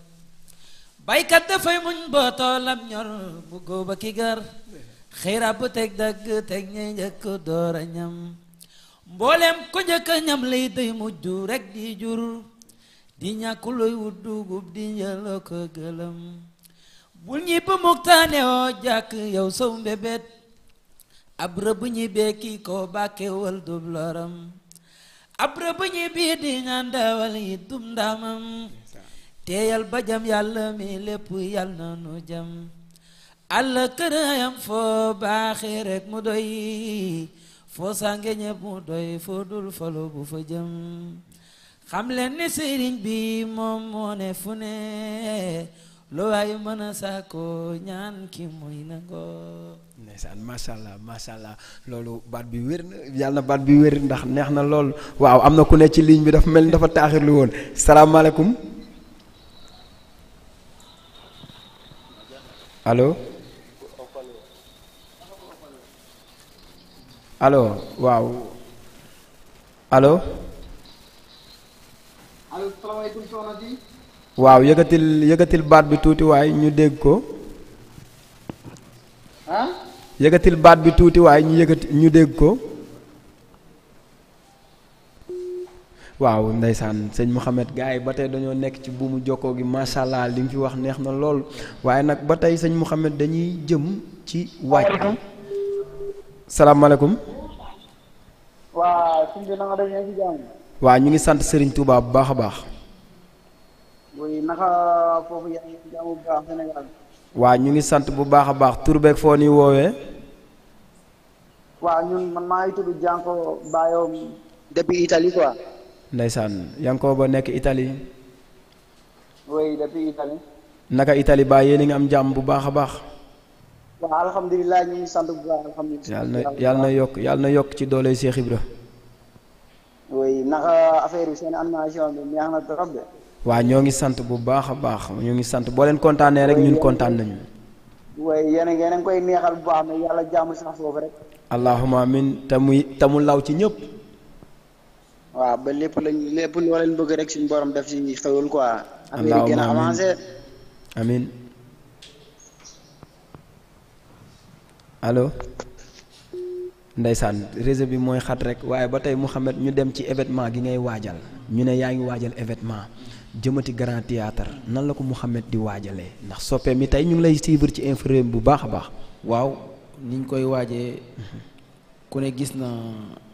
baykat dafay muñ boo toolam ñor mu góoba ki gar xëyrab bu teg dagg teg ñey njëkk door a ñam mbooleem ko njëkk a ñam lay day mujj rek di jur di ñàkku looy wut dugub di njëloo ko gëlëm bul ñibb muktaane oo jàkk yow sow mbébét ab rëbb ñibbee kii ko bàkkewal dub ab rëbb ñibbi di ñaan dawal yi dum ndaamam teeyal ba jam yàlla mi lépp yàlla nu jam àlla kërayam foo baaxee rek mu doy foo sànge ñépp mu doy foo dul falo bu fa jëm xam leen ni sëriñ bi moom moo ne fu ne lu waay mën a sàkko ñaan ki muy nangoo ndeysaan macha allah macha allah loolu baat bi wér yàlla baat bi wér ndax neex na lool waaw am na ku ne ci ligne bi dafa mel ni dafa taaxirlu woon salaamaaleykum allo allo waaw allo waaw yëkkatil yëkkatil baat bi tuuti waay ñu dégg ko yëkkatil baat bi tuuti waay ñu yëkkati ñu dégg ko waaw ndeysaan sëñ Mouhamed gars yi ba tey dañoo nekk ci buumu jokkoo gi macha li nga fi wax neex na lool waaye nag ba tey sëñ Mouhamed dañuy jëm ci wàcc. salaamaaleykum. waa ñu ngi sant sëriñ Touba bu baax a baax. oui naka ngi jaamu bu baax Sénégal. waa ñu ngi sant bu baax a baax tur beeg ni nii woowee. waa ñun ngi tudd Janko Bayo depuis Italie ndeysaan Janko ba nekk itali oui depuis naka Italie ba yéen a ngi am jàmm bu baax a baax. waaw alhamdulilah ñu ngi sant bu baax alhamdulilah. na yokk yàlla na yokk ci doole Cheikh Ibra. oui nax affaire yu seen animation bi neex na trop de. ñoo ngi sant bu baax a baax ñoo ngi sant boo leen kontaanee rek ñun kontaan nañu. waaye yéen a ngi leen koy neexal bu baax mais yàlla jàmm sax foofu rek. allahumma amin te muy te mu law ci ñëpp. waaw ba lépp lañ lépp loo leen bëgg rek suñ borom def ci xewul quoi. allahumma amin gën ndeysaan réseau bi mooy xat rek waaye ba tey Mouhamed ñu dem ci événement gi ngay wajal ñu ne yaa ngi événement jëmati grand théâtre nan la ko di wajale ndax soppeem mi tey ñu ngi lay suivre ci info bu baax baax. waaw niñ koy waajee ku ne gis na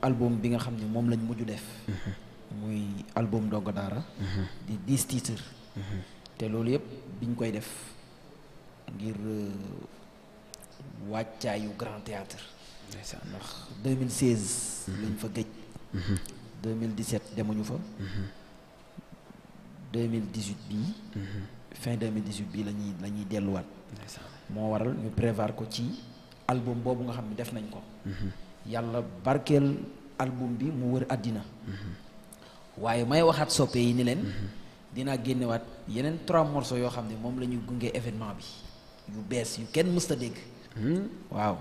album bi nga xam ne moom lañ def. muy album Ndongo Daara. di dix titres. te loolu yëpp biñ koy def ngir euh, wàccaayu grand théâtre ndax 2016 lañ fa gëj 2017 mhm. demuñu fa 2018 mhm. bii mhm. fin 2018 bii la ñuy la ñuy delluwaat moo waral ñu prévoir ko ci album boobu nga xam ne def nañ ko yàlla barkeel album bi mu wër àddina waaye may waxaat soppe yi ni leen dinaa génnewaat yeneen trois morceaux yoo xam ne moom la ñuy gunge événement bi yu bees yu kenn mësta dégg waaw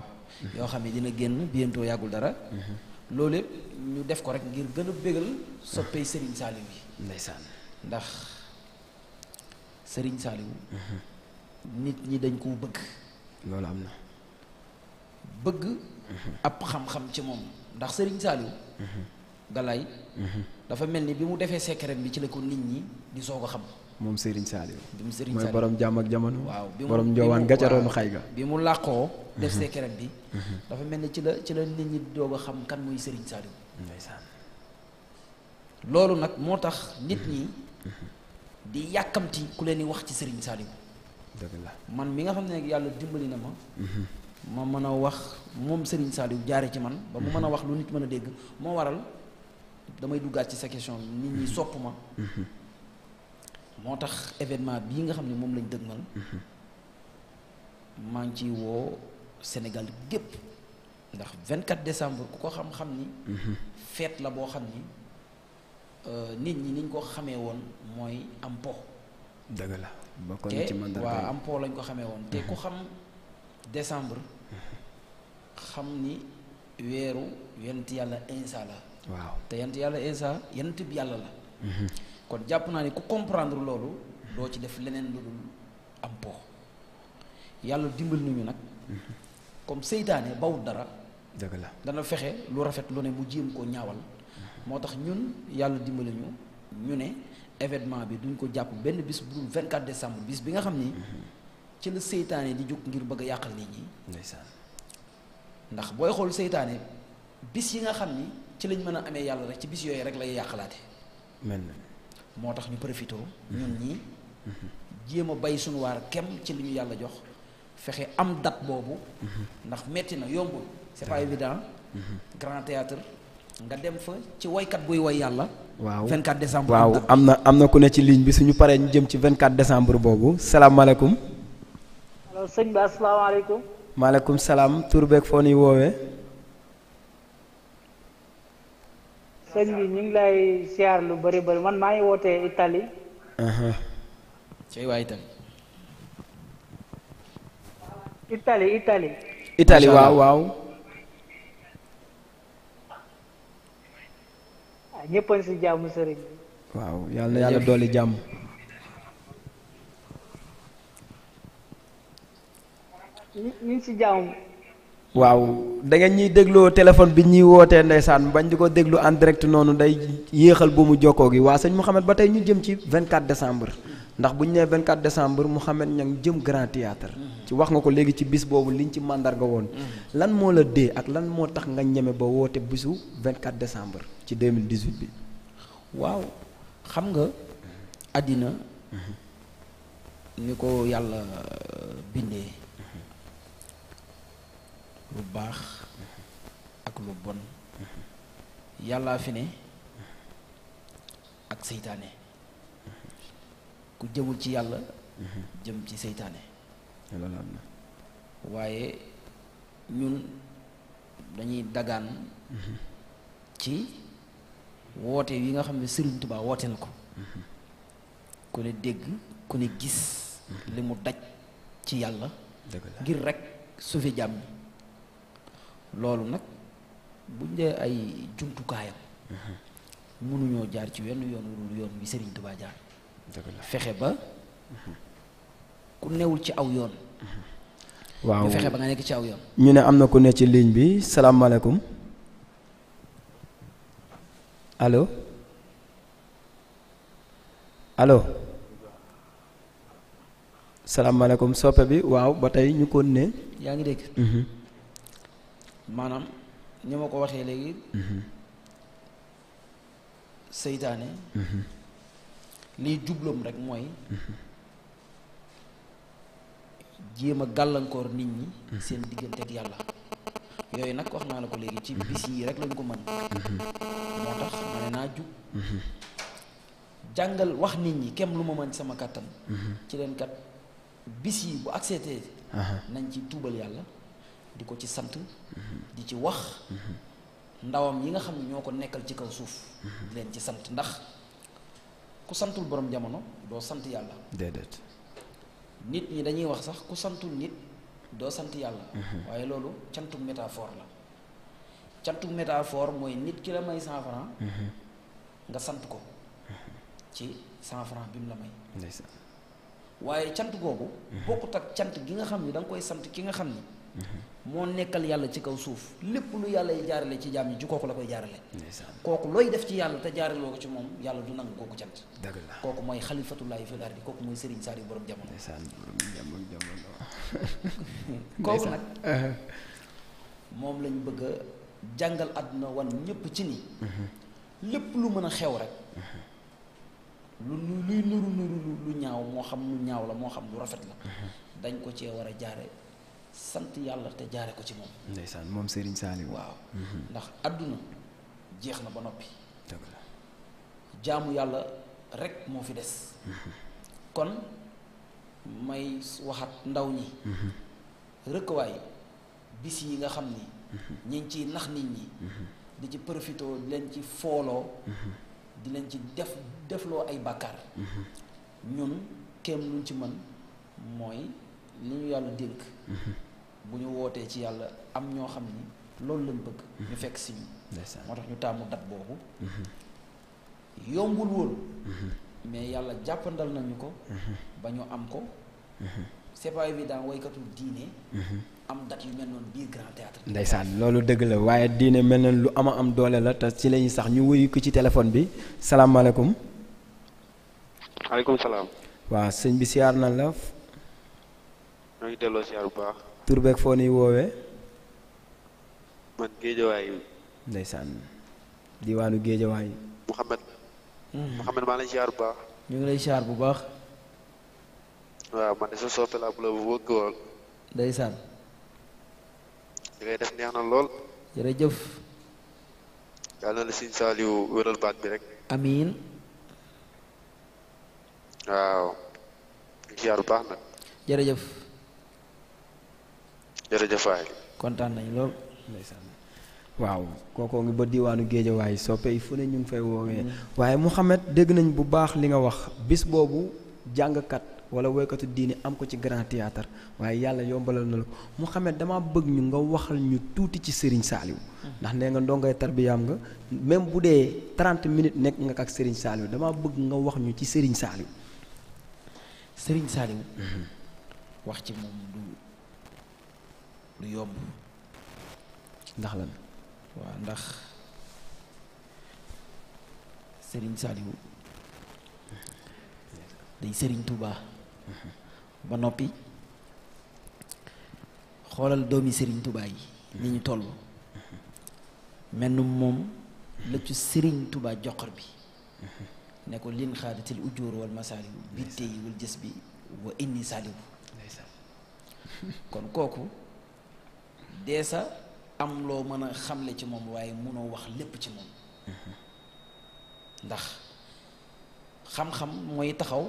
yoo xam ne dina génn bientôt yàggul dara mm-hmm. loole ñu def ko rek ngir gën a bégal soppee Serigne Saliou yi ndeysaan ndax sëriñ Saliou mm-hmm. nit ñi dañ koo bëgg loolu am na bëgg mm-hmm. ab xam-xam ci moom ndax sëriñ Saliou galaay dafa mel ni bi mu defee secret bi ci la ko nit ñi di soog a xam moom Serigne Saliou. bi mu Serigne Saliou mooy borom jàmm ak jamono. waaw bi mu borom njoowaan gàccaroonu xay ga. bi mu làqoo def mhm. secret bi. Mhm. dafa mel ni ci la ci la nit ñi doog a xam kan mooy Serigne Saliou. ndeysaan loolu nag moo tax nit ñi mhm. di yàkkamti ku leen di wax ci Serigne Saliou. man mi nga xam ne yàlla dimbali na ma. ma mën a wax moom Serigne Saliou jaare ci man ba mu mën a wax lu nit mën a dégg moo waral damay duggaat ci sa question nit ñi sopp ma. moo tax événement bii nga xam ne moom lañ dëgmal maa ngi ciy woo Sénégal gépp ndax 24 décembre ku ko xam-xam ni fête la boo xam ni euh, nit ñi niñ ko xamee woon mooy am po dëgg la bokkoon ci mandat waaw am po lañ ko xamee woon te ku xam décembre xam ni weeru yent yàlla install la te yent yàlla insa yent bi yàlla la mhm. kon jàpp naa ne ku comprendre loolu loo ci def leneen lu dul am po yàlla dimbali nañu nag comme seytaane bawut dara dëgg la dana fexe lu rafet lu ne mu jéem koo ñaawal moo tax ñun yàlla dimbali ñu ñu ne événement bi duñ ko jàpp benn bis bu dul 24 décembre bis bi nga xam ni ci la seytaane di jóg ngir bëgg a yàqal nit ñi ndeysaan ndax booy xool seytaane bis yi nga xam ni ci lañ mën a amee yàlla rek ci bis yooyu rek lay yàqalaate mel na moo tax ñu profité mm-hmm. ñun ñi mm-hmm. jéem a bay suñu waar kem ci li ñu yàlla jox fexe am date boobu mm-hmm. ndax metti na yombul c'est pas évident grand théâtre nga dem fa ci woykat buy woy yàlla waaw 24 décembre waaw am na am na ku ne ci ligne bi suñu paree ñu jëm ci vingt 24 décembre boobu salaamaaleykum allo sëñ bi asalaamaaleykum maaleykum salaam tur beeg foo nuy woowee sëñ bi ñu ngi lay siyaar lu bari bari man maa ngi wootee Italie. cey waa Italie. Italie Italie. Italie waaw waaw. ah si jàmm sëriñ bi. waaw yal yàlla dolli jàmm. ñu ñu si jàmm. waaw da ngeen ñuy dégloo téléphone bi ñuy wootee ndeysaan bañ di ko déglu en direct noonu day yéexal bu mu jokkoo gi waa sëñ Mouhamed ba tey ñu jëm ci 24 decembre ndax bu ñu nee 24 décembre Mouhamed Niang jëm grand théâtre ci wax nga ko léegi ci bis boobu li liñ ci màndarga woon lan moo la dee ak lan moo tax nga ñeme ba woote bisu vingt 24 décembre ci 2018 bi waaw xam nga àddina mhm. ni ko yàlla bindee lu baax ak lu bon yàllaa fi ne ak seytaane ku jëmul ci yàlla jëm ci seytaane waaye ñun dañuy dagaan ci woote yi nga xam ne Sëriñ Tuubaa woote na ko ku ne dégg ku ne gis li mu daj ci yàlla ngir rekk sauver jàmm loolu nag buñ dee ay jumtukaayam mënuñoo jaar ci wenn yoon wurul yoon wi Serigne Touba jaar fexe ba ku newul ci aw yoon waaw fexe ba nga nekk ci aw yoon ñu ne am na ku ne ci ligne bi salaamaaleykum allo allo salaamaaleykum soppe bi waaw ba tey ñu kon ne yaa ngi dégg mhm. manam ni ma ko waxee léegi ni mhm. li jublam rek mooy mhm. kor a gàllankoor nit ñi seen diggante ak yàlla yooyu nak wax naa la ko léegi ci mhm. bis yi rek lañ ko mën motax mané na jangal wax nit ñi kem luma sama katam ci len kat bis yi bu accepté nañ ci tuubal yalla di ko ci sant di ci wax ndawam yi nga xam ne ñoo ko nekkal ci kaw suuf di leen ci sant ndax ku santul borom jamono doo sant yàlla déedéet nit ñi dañuy wax sax ku santul nit doo sant yàlla mhm. waaye loolu cantu métaphore la cantu métaphore mooy nit ki la may cent franc mhm. nga sant ko mhm. ci cent franc bi mu la may waaye cant googu bokkut ak cant gi nga xam ni da koy sant ki nga xam ni moo nekkal yàlla ci kaw suuf lépp lu yàlla yi jaarale ci jaam yi ci kooku la koy jaarale kooku looy def ci yàlla te jaaraloo ko ci moom yàlla du nangu kooku cant dëgg kooku mooy xalifatullaahi fil ardi kooku mooy sëriñ Saaliw borom jamono kooku nag moom lañ bëgg a jàngal àdduna wan ñépp ci ni lépp lu mën a xew rek lu luy nuru nuru lu ñaaw moo xam lu ñaaw la moo xam lu rafet la dañ ko cee war a jaare sant yàlla te jaare ko ci moom. ndeysaan moom Serigne Saliou. waaw mhm. ndax àdduna jeex na ba noppi. dëgg jaamu yàlla rekk moo fi des. Mhm. kon may waxat ndaw ñi. Mhm. rëkkwaay bis yi nga xam ni. ñi ciy nax nit ñi. di ci profité di leen ci fooloo. di leen ci def defloo ay bàkkaar. ñun kéem luñ ci mën mooy. li ñu yàlla dénk mhm. bu ñu wootee ci yàlla am ñoo xam ni loolu lañ bëgg mhm. ñu fekk si ñu moo tax ñu tàmmu dat boobu mhm. yombul woon mais yàlla jàppandal nañu ko ba ñu am ko c'est pas évident waykatul diine am dat yu mel noonu biir grand théâtre ndeysaan loolu dëgg la waaye diine mel na lu am a am doole la te ci lañuy sax ñu wuyu ci téléphone bi salaamaaleykum. maaleykum salaam. waaw sëñ bi siyaar na la ñoo ngi delloo siyaar bu baax. tur beeg foo nuy woowee. man géejawaay. ndeysaan diwaanu géejawaay. Mouhamed. Hmm. Mouhamed maa ngi lay siyaar bu baax. ñu ngi lay siyaar bu baax. waaw man de sa na lool. jërëjëf. yàlla na bi rek. amiin. waaw. jërëjëf waay. kontaan nañ lool ndeysaan waaw kookoo ngi ba diwaanu géejawaay soppe yi fu ne ñu ngi fay woowee mm-hmm. waaye Mouhamed dégg nañ bu baax li nga wax bis boobu jàngkat wala woykatu diini am ko ci grand théâtre waaye yàlla yombalal na la ko Mouhamed dama bëgg ñu nga waxal ñu tuuti ci Serigne Saliou mm-hmm. ndax nee nga ndongay tarbiyaam nga même bu dee 30 minutes nekk nga ak sëriñ Saliou dama bëgg nga wax ñu ci sëriñ Saliou Serigne Saliou mm-hmm. lu yomb ndax lan waaw ndax sëriñ Saliou day sëriñ tubaa ba noppi xoolal doomi sëriñ Touba yi ni ñu mel menn moom la sëriñ tubaa joxor bi ne ko lin xaadatil ujjóor wal masaaliw bitte yi wal jës bi wa indi saaliw kon kooku dee sa am loo mën a xamle ci moom waaye munoo wax lépp ci moom ndax xam-xam mooy taxaw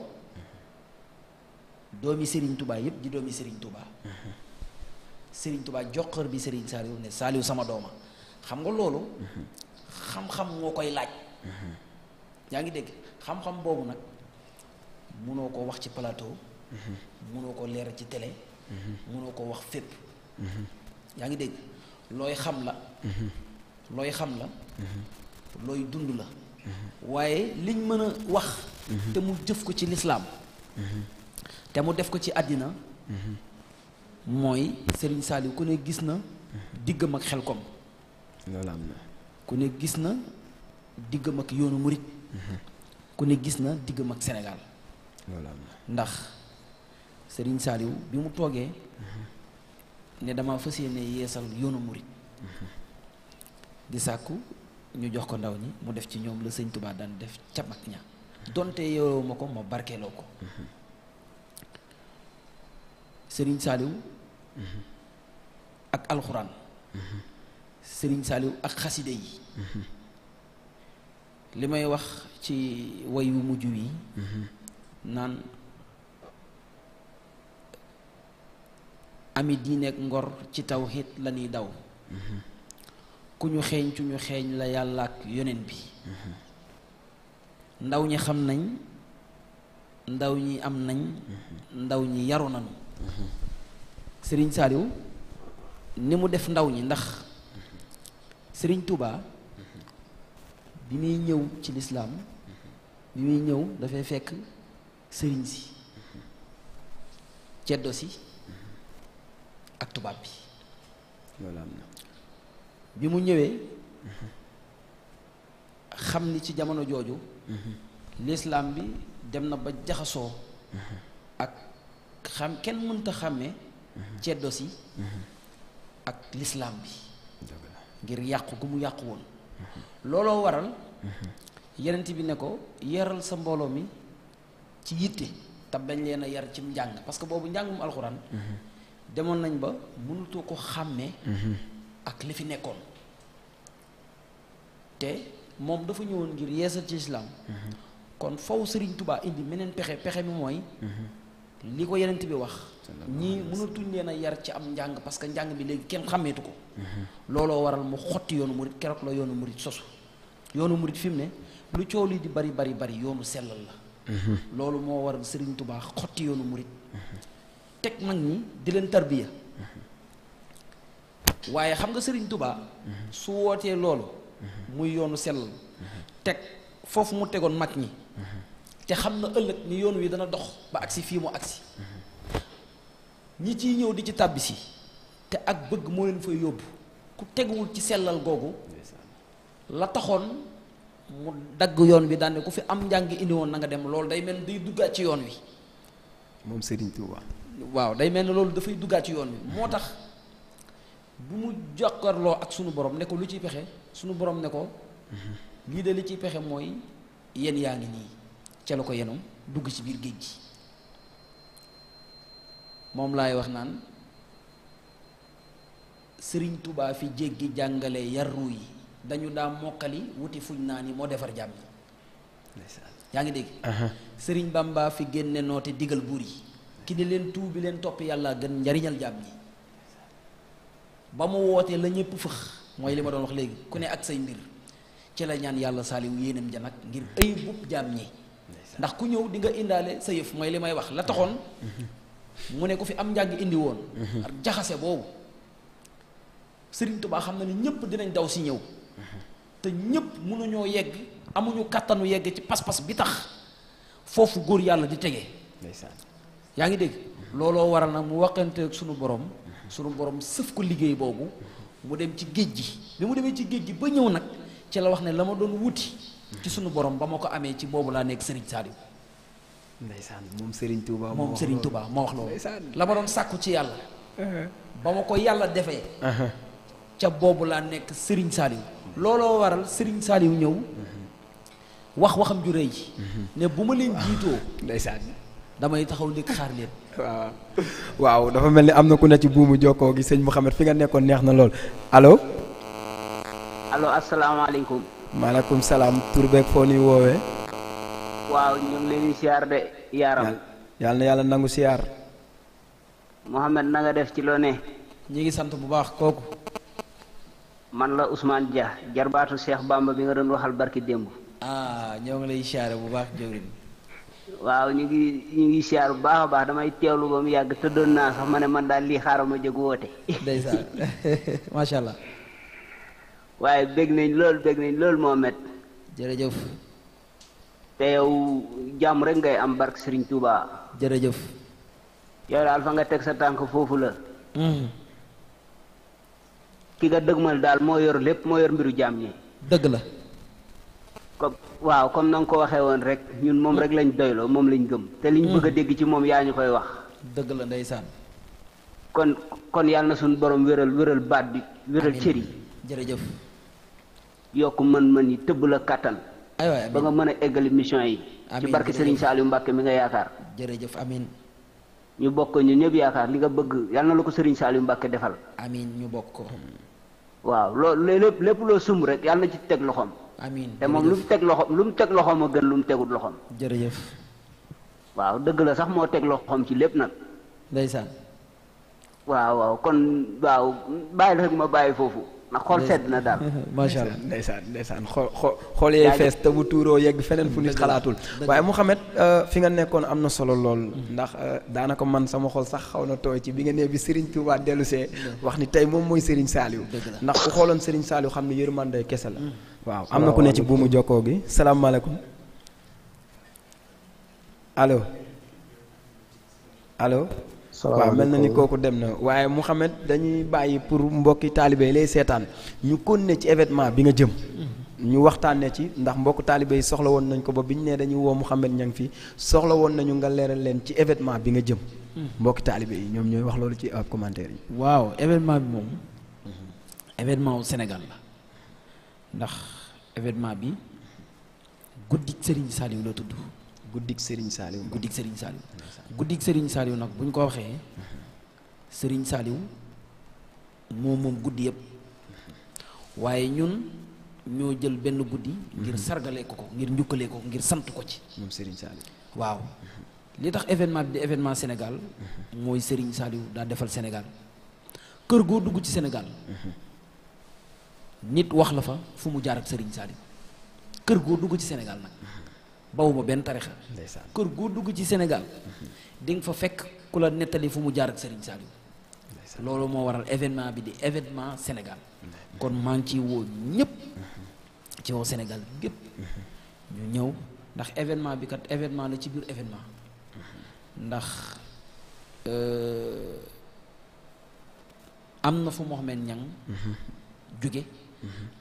doomi sëriñ Touba yëpp di doomi Serigne Touba Serigne Touba joxër bi Serigne Saliou ne Saliou sama dooma xam nga loolu xam-xam moo koy laaj yaa ngi dégg xam-xam boobu nag munoo ko wax ci plateau munoo ko leer ci télé munoo ko wax fépp yaa ngi dégg looy xam la mm-hmm. looy xam la mm-hmm. looy dund la mm-hmm. waaye liñ mën a wax te mu jëf ko ci lislaam te mu def ko ci àddina mooy Serigne Saliou ku ne gis na diggam ak xel loolu am na ku ne gis na diggam ak yoonu murit ku ne gis na diggam ak Sénégal ndax Serigne Saliou bi mu toogee ne dama fassiyene yeesal yoonu murit di sakku ñu jox ko ndaw ñi mu def ci ñom le seigne touba daan def ci mak ña donte yow mako mo barké loko serigne saliw ak alquran serigne saliw ak khasside yi limay wax ci wayu wu wi ami diineeg ngor ci tawhid xit ñuy daw ku ñu xeeñ cu ñu xeeñ la yàlla ak yoneen bi ndaw ñi xam nañ ndaw ñi am nañ ndaw ñi yaru nañu sëriñ Saaliw ni mu def ndaw ñi ndax sëriñ Tuubaa bi muy ñëw ci lislaam bi muy ñëw dafay fekk sëriñ si ceddo si ak tubaab bi loolu bi mu ñëwee xam ni ci jamono jooju lislaam bi dem na ba jaxasoo ak xam kenn mënta xàmmee ceddo si ak lislaam bi ngir yàqu gu mu yàqu woon looloo waral yenent bi ne ko yaral sa mbooloo mi ci yitte tab dañ leen a yar ci njàng parce que boobu njàngum alxuraan demon nañ ba mënutoo ko hamme, mhm. ak li fi nekkon te mom dafa ñëwon ngir yeesal ci islam mhm. kon faw serigne touba indi menen pexé pexé mi mooy mhm. liko ko yenent bi wax ñi mënu tuñé na yar ci am njàng parce que njàng bi légui kenn xàmmeetu ko lolo waral mu xotti yoonu murit kérok la yoonu murit sosu yoonu murit fimné lu coow di bari bari bari yoonu selal la lolo mo waral serigne touba xotti yoonu murit teg mag ñi di leen tarbiya waaye xam nga sëriñ tubaa su wootee loolu muy yoonu sellal teg foofu mu tegoon mag ñi te xam na ëllëg ni yoon wi dana dox ba agsi fii mu agsi ñi ciy ñëw di ci tàbbisi te ak bëgg mu leen fay yóbbu ku teguwul ci sellal googu la taxoon mu dagg yoon bi daane ku fi am njàng indi woon na nga dem loolu day mel day duggaat ci yoon wi moom sëriñ waaw day mel ne loolu dafay duggaat ci yoon bi moo tax bu mu jokkarloo ak sunu borom ne ko lu ciy pexe sunu boroom ne ko lii de li ciy pexe mooy yen yaa ngi nii ca la ko yenum dugg ci biir géej gi moom laay wax naan sëriñ tubaa fi jéggi jàngale yarru yi dañu daa mokkali wuti fuñ naa ni moo defar jàmm yaa ngi dégg sëriñ bàmbaa fi génne noote digal buur yi ki di leen tuubi leen topp yàlla gën njariñal jaam ñi ba mu wootee la ñëpp fëx mooy li ma doon wax léegi ku ne ak say mbir ci la ñaan yàlla saaliw yéenam ja nag ngir ay jaam ñi ndax ku ñëw di nga indaale sa yëf mooy li may wax la taxoon mu ne ku fi am njàng indi woon ak jaxase boobu sëriñ tubaa xam na ne ñëpp dinañ daw si ñëw te ñëpp mënuñoo yegg amuñu kàttanu yegg ci pas-pas bi tax foofu góor yàlla di tege yaa ngi dégg looloo waral nag mu waxante ak sunu borom sunu borom sëf ko liggéey boobu mu dem ci géej gi bi mu demee ci géej gi ba ñëw nag ci la wax ne la ma doon wuti ci sunu borom ba ma ko amee ci boobu laa nekk Serigne Saliou. ndeysaan moom Serigne Touba moom Serigne Touba moo wax loolu. la ma sàkku ci yàlla. Uh-huh. ba ma ko yàlla defee. Uh-huh. ca boobu laa nekk Serigne Saliou. looloo waral Serigne Saliou ñëw. Uh-huh. wax waxam ju rëy ji. ne bu ma leen jiitoo ndeysaan. damay taxaw di xaar leen. waaw waaw dafa mel ni am na ku ne ci buumu jokkoo gi sëñ Mouhamed fi nga nekkoon neex na lool allo. allo asalaamaaleykum. maaleykum salaam tur beeg foo ni woowee. waaw ñu ngi leen di siyaar de yaaram. yàlla na yàlla nangu siyaar. Mouhamed na nga def ci loo ne. ñi ngi sant bu baax kooku. man la Ousmane Dia jarbaatu Cheikh Bamba bi nga doon waxal barki démb. ah ñoo ngi lay siyaare bu baax waaw ñu ngi ñu ngi siyaar bu baax a baax damay teewlu ba mu yàgg ya, ya, tëddoon naa sax ma ne man daal lii xaaruma ma jóg woote. ndeysaan macha allah. waaye bég nañ lool bég nañ lool moo met. jërëjëf. te yow jàmm rek ngay am barke Serigne Touba. jërëjëf. yow ya, daal fa nga teg sa tànk foofu la. Hmm. ki nga dëgmal daal moo yor lépp moo yor mbiru jàmm ñi. dëgg la waaw comme nang ko waxe won rek ñun mom rek lañ doylo mom lañ gëm té liñ bëgg mm. dégg ci mom yañu koy wax deug la ndaysan kon kon yalla na sun borom wëral wëral baat bi wëral cër yi jere jëf man man ni teub la katan ay way ba nga mëna égal mission yi ci barké serigne salim mbacké mi nga yaakar jere jëf amin ñu bokk ñu ñëpp yaakar li nga bëgg yalla na la ko serigne salim mbacké defal amin ñu bokk waaw lo lepp lepp lo sum rek yalla ci tek loxom amiin te moom lu mu teg loxo lu mu teg loxoom a gën lu mu tegul loxoom. jërëjëf. waaw dëgg la sax moo teg loxoom ci lépp nag. ndeysaan. waaw waaw kon waaw bàyyi la rek ma bàyyi foofu. ndax xool sedd na daal. macha allah ndeysaan ndeysaan xool xool xool yee fees te bu tuuroo yegg feneen fu nit xalaatul. waaye Mouhamed euh, fi nga nekkoon am na solo lool. Mhm. ndax euh, daanaka man sama xol sax xaw na tooy ci bi nga nee bi Serigne Touba dellusee. wax ni tey moom mooy Serigne Saliou. ndax ku xooloon Serigne Saliou xam ne yërmande kese la. Mhm. waaw am na ku ne ci buumu jokkoo gi salaamaaleykum allo allo. waaw mel na ni kooku dem na waaye Mouhamed dañuy bàyyi pour mbokki taalibe lay seetaan ñu kon continuer ci événement bi nga jëm. ñu waxtaan waxtaanee ci ndax mbokk taalibe yi soxla woon nañ ko ba bi ñu nee dañuy woo Mouhamed ña ngi fi soxla woon nañu nga leeral leen ci événement bi nga jëm. mbokki taalibe yi ñoom ñooy wax loolu ci ab commentaire yi. waaw événement bi moom. événement wu Sénégal ndax événement bi guddi sëriñ Saliou la tudd. guddik sëriñ Saliou guddik Serigne Saliou. guddik Serigne Saliou nag bu ñu ko waxee sëriñ Saliou moo moom guddi yëpp waaye ñun ñoo jël benn guddi. ngir mhm. sargalee ko ko ngir njukkalee ko ngir sant ko ci. moom Serigne Saliou waaw. li tax événement bi di événement Sénégal mhm. mooy Serigne Saliou daa defal Sénégal kër goo dugg ci Sénégal. Mhm. nit wax la fa fu mu jaar ak Serigne Saliou kër goo dugg ci Sénégal nag bawuma benn tarixa kër goo dugg ci Sénégal di nga fa fekk ku la nettali fu mu jaar ak Serigne Saliou loolu moo waral événement bi di événement Sénégal kon maa ngi ciy woo ñëpp ci woo Sénégal gépp ñu ñëw ndax événement bi kat événement la ci biir événement ndax euh, am na fu Mouhamed Niang mhm. jóge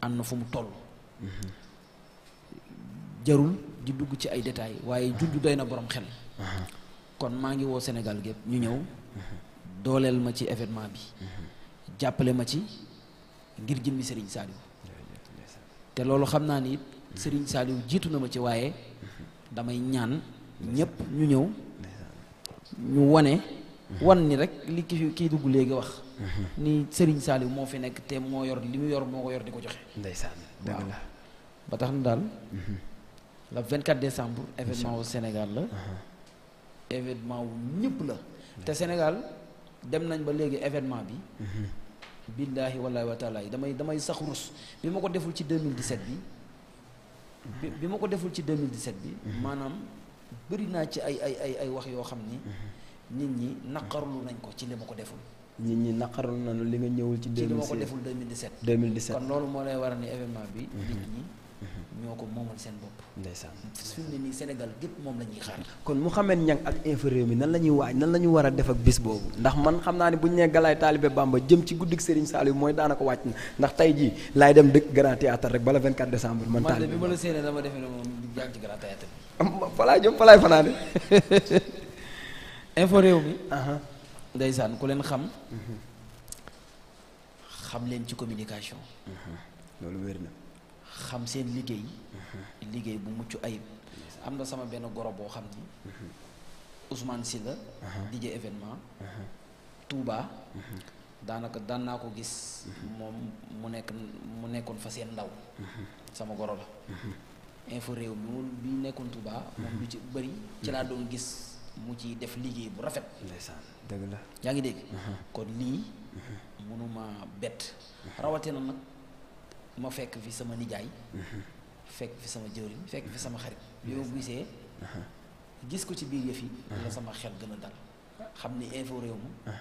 am na fu mu toll jarul di dugg ci ay détails waaye ju doy na boroom xel kon maa ngi woo Sénégal gépp ñu ñëw dooleel ma ci événement bi jàppale ma ci ngir jëmmi Serigne Saliou te loolu xam naa ni Serigne Saliou jiitu na ma ci waaye damay ñaan ñépp ñu ñëw ñu wone wan nii rek li ki kii dugg léegi wax mhm. ni Serigne Saliou moo fi nekk te moo yor li mu yor moo ko yor di ko joxe ndeysaan dëgg la ba tax na daal la mhm. le 24 décembre événement wu senegal la uh-huh. événement wu ñëpp la te Sénégal dem nañ ba léegi événement bi mhm. billaahi wallaahi wa taala yi damay damay sax rus bi ma ko deful ci 2017 bi bi ma ko deful ci 2017 bi maanaam bëri naa ci ay ay ay ay wax yoo xam ni nit ñi naqarlu nañ ko ci li ma ko deful. nit ñi naqarlu nañu li nga ñëwul ci. 2017 ci li ma ko deful 2017. kon loolu moo lay waral ni événement bi. Mhm. nit ñi mhm. ñoo ko moomal seen bopp. ndeysaan fi mu ne nii Sénégal gépp moom la ñuy xaar. kon Mouhamed Niang ak infirmier mi na la ñuy waaj nan la ñu war a def ak bis boobu ndax man xam naa ne bu ñu nee Galaye Talibé Bamba jëm ci guddik Serigne Saliou mooy daanaka wàcc na ndax tey jii laay dem dëkk Grand Théâtre rek bala 24 décembre. man Talibé la séenee dama defee ne moom info réew mi ndeysaan ku leen xam xam leen ci communication loolu wér na xam seen liggéey liggéey bu mucc ayib am na sama benn goro boo xam ni si la DJ événement Touba daanaka daan naa ko gis moom mu nekk mu nekkoon fa seen ndaw sama goro la info réew mi moom nekkoon Touba moom lu ci bëri ci laa doon gis mu ci def liggéey bu rafet. ndeysaan dëgg la. yaa ngi dégg. Mhm. kon lii. Mhm. mënuma bett. Mhm. rawatina nag ma fekk fi sama nijaay. fekk fi sama jëwriñ fekk fi sama xarit. yoo gis ko ci biir yëf yi. sama xel gën a dal. xam ni info réew ma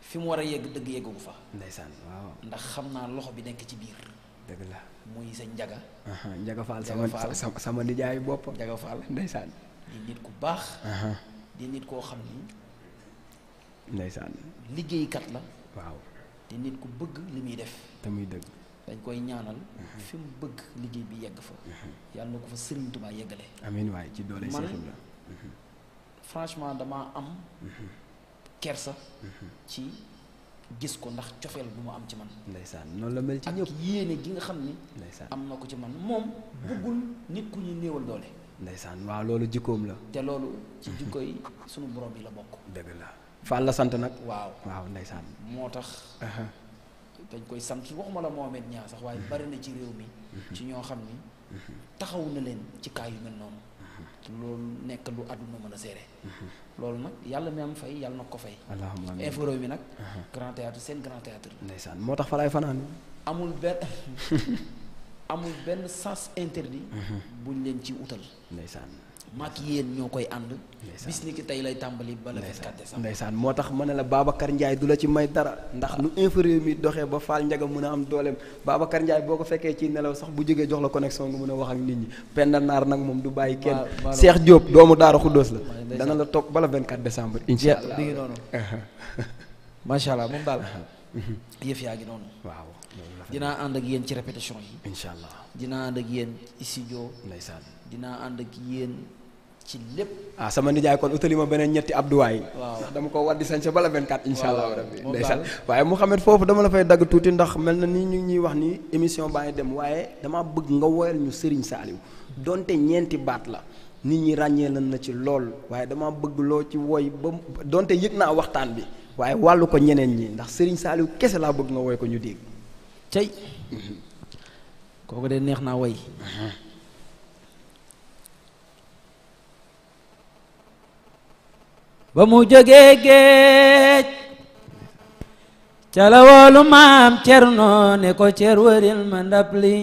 fi mu war a yegg dëgg yeggu fa. ndeysaan waaw. ndax xam naa loxo bi nekk ci biir. dëgg la muy sa njaga. njaga sama sama bopp. njaga faal ndeysaan. di nit ku baax. di nit koo xam ni. ndeysaan. liggéeykat la. waaw te nit ku bëgg li muy def. te muy dëgg. dañ koy ñaanal. Mhm. fi mu bëgg liggéey bi yegg fa. Mhm. yàlla na ko fa Serigne Touba yeggale. amiin waaye ci doole Cheikh Ibrahima mhm. franchement damaa am. kersa. ci gis ko ndax cofeel bu mu am ci man. ndeysaan noonu la mel ci ñëpp ak yéene gi nga xam ni. am na ko ci man moom. bëggul nit ku ñuy néewal doole. ndeysaan waaw loolu jikkoom la. te loolu ci jikko yi sunu borom bi la bokk. dëgg la Fall la sant nag. waaw waaw ndeysaan. moo tax. dañ koy sant waxuma la Mohamed Niang sax waaye bari na ci réew mi. Mhm. ci ñoo xam ni. Mhm. taxaw na leen ci kaay yu mel noonu. Mhm. loolu nekk lu àdduna mën a seere loolu nag yàlla mi am fay yàlla na ko fay. allahumma amiin inforo mi nag. grand théâtre seen grand théâtre la. ndeysaan moo tax fa laay amul benn. amul ben sens interdit. Mhm. buñ len ci utal. ndaysan mak yeen ñokoy and bis ni ki tay lay tàmbali bala. ndeysaan ndeysaan moo ndaysan motax ne la Babacar ndjay dula ci may dara. ndax nu inférieur mi doxé ba fal ñaga mëna am dolem Babacar ndjay boko féké ci nelaw sax bu jëgé jox la connexion nga mëna wax ak nit ñi. pendal nar nak mom du bayyi kenn. Cheikh Diop doomu Daara Xuddoos la. na la ba la 24 décembre. inshallah allah di ngi noonu. macha allah moom daal. yëf waaw. dinaa ànd ak yéen ci répétition yi. incha allah dinaa ànd ak yéen ci studio. ndeysaan dinaa ànd ak yéen ci lépp. ah sama nijaay kon utali ma beneen ñetti abduwaay. waaw dama ko war di sañse bala 24. incha allah rabbi waaye Mouhamed foofu dama la fay dagg tuuti ndax mel na ni ñu ñuy wax ni émission baa ngi dem waaye damaa bëgg nga woyal ñu Serigne Saliou donte ñeenti baat la. nit ñi ràññee lan na ci lool waaye dama bëgg loo ci woy ba donte yëg naa waxtaan bi waaye wàllu ko ñeneen ñi ndax Serigne Saliou kese laa bëgg nga woy ko ñu dégg cey kooku de neex na way ba mu jógee ca la woolu maam cerno ne ko cer wëril ma ndab li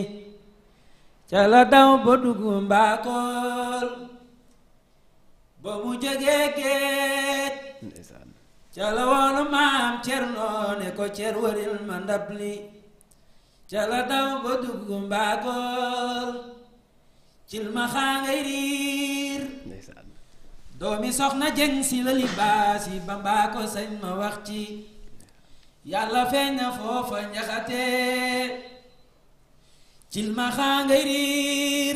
ca la daw ba dugg mbaakool ba mu jógee ca la woolu maam cerno ne ko cer wëril ma ndab li ca la daw ba dugg mbaakool cil ma xaa ngay riir doomi soxna jëng si la libaas yi ba mbaa sañ ma wax ci yàlla feeñ na foofa njaxate cil ma xaa ngay riir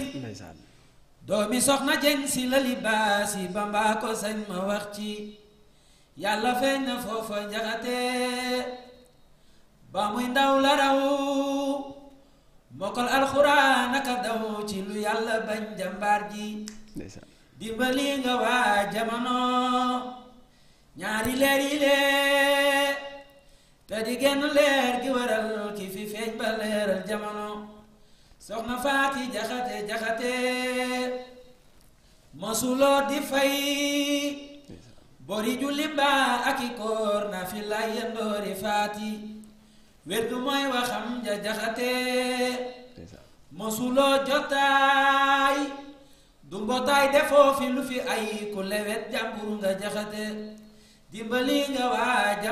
doomi soxna jëng si la libaas yi ba mbaa sañ ma wax ci yàlla feeñ na foofa njaxate ba muy ndaw la raw mokkal alxuraan naka daw ci lu yàlla bañ jàmbaar ji dimbali nga waa jamono ñaari leer yi leer te di genn leer gi waral ki fi feeñ ba leeral jamono soxna faati jaxate jaxate masuloo di fay bori julli mbaa ak i koor na fi lay yendoori faati wér du mooy waxam ja jaxate masuloo jotaay du mbootaay defoo fi lu fi ay ku lewet jàmbur nga jaxate dimbali nga waa du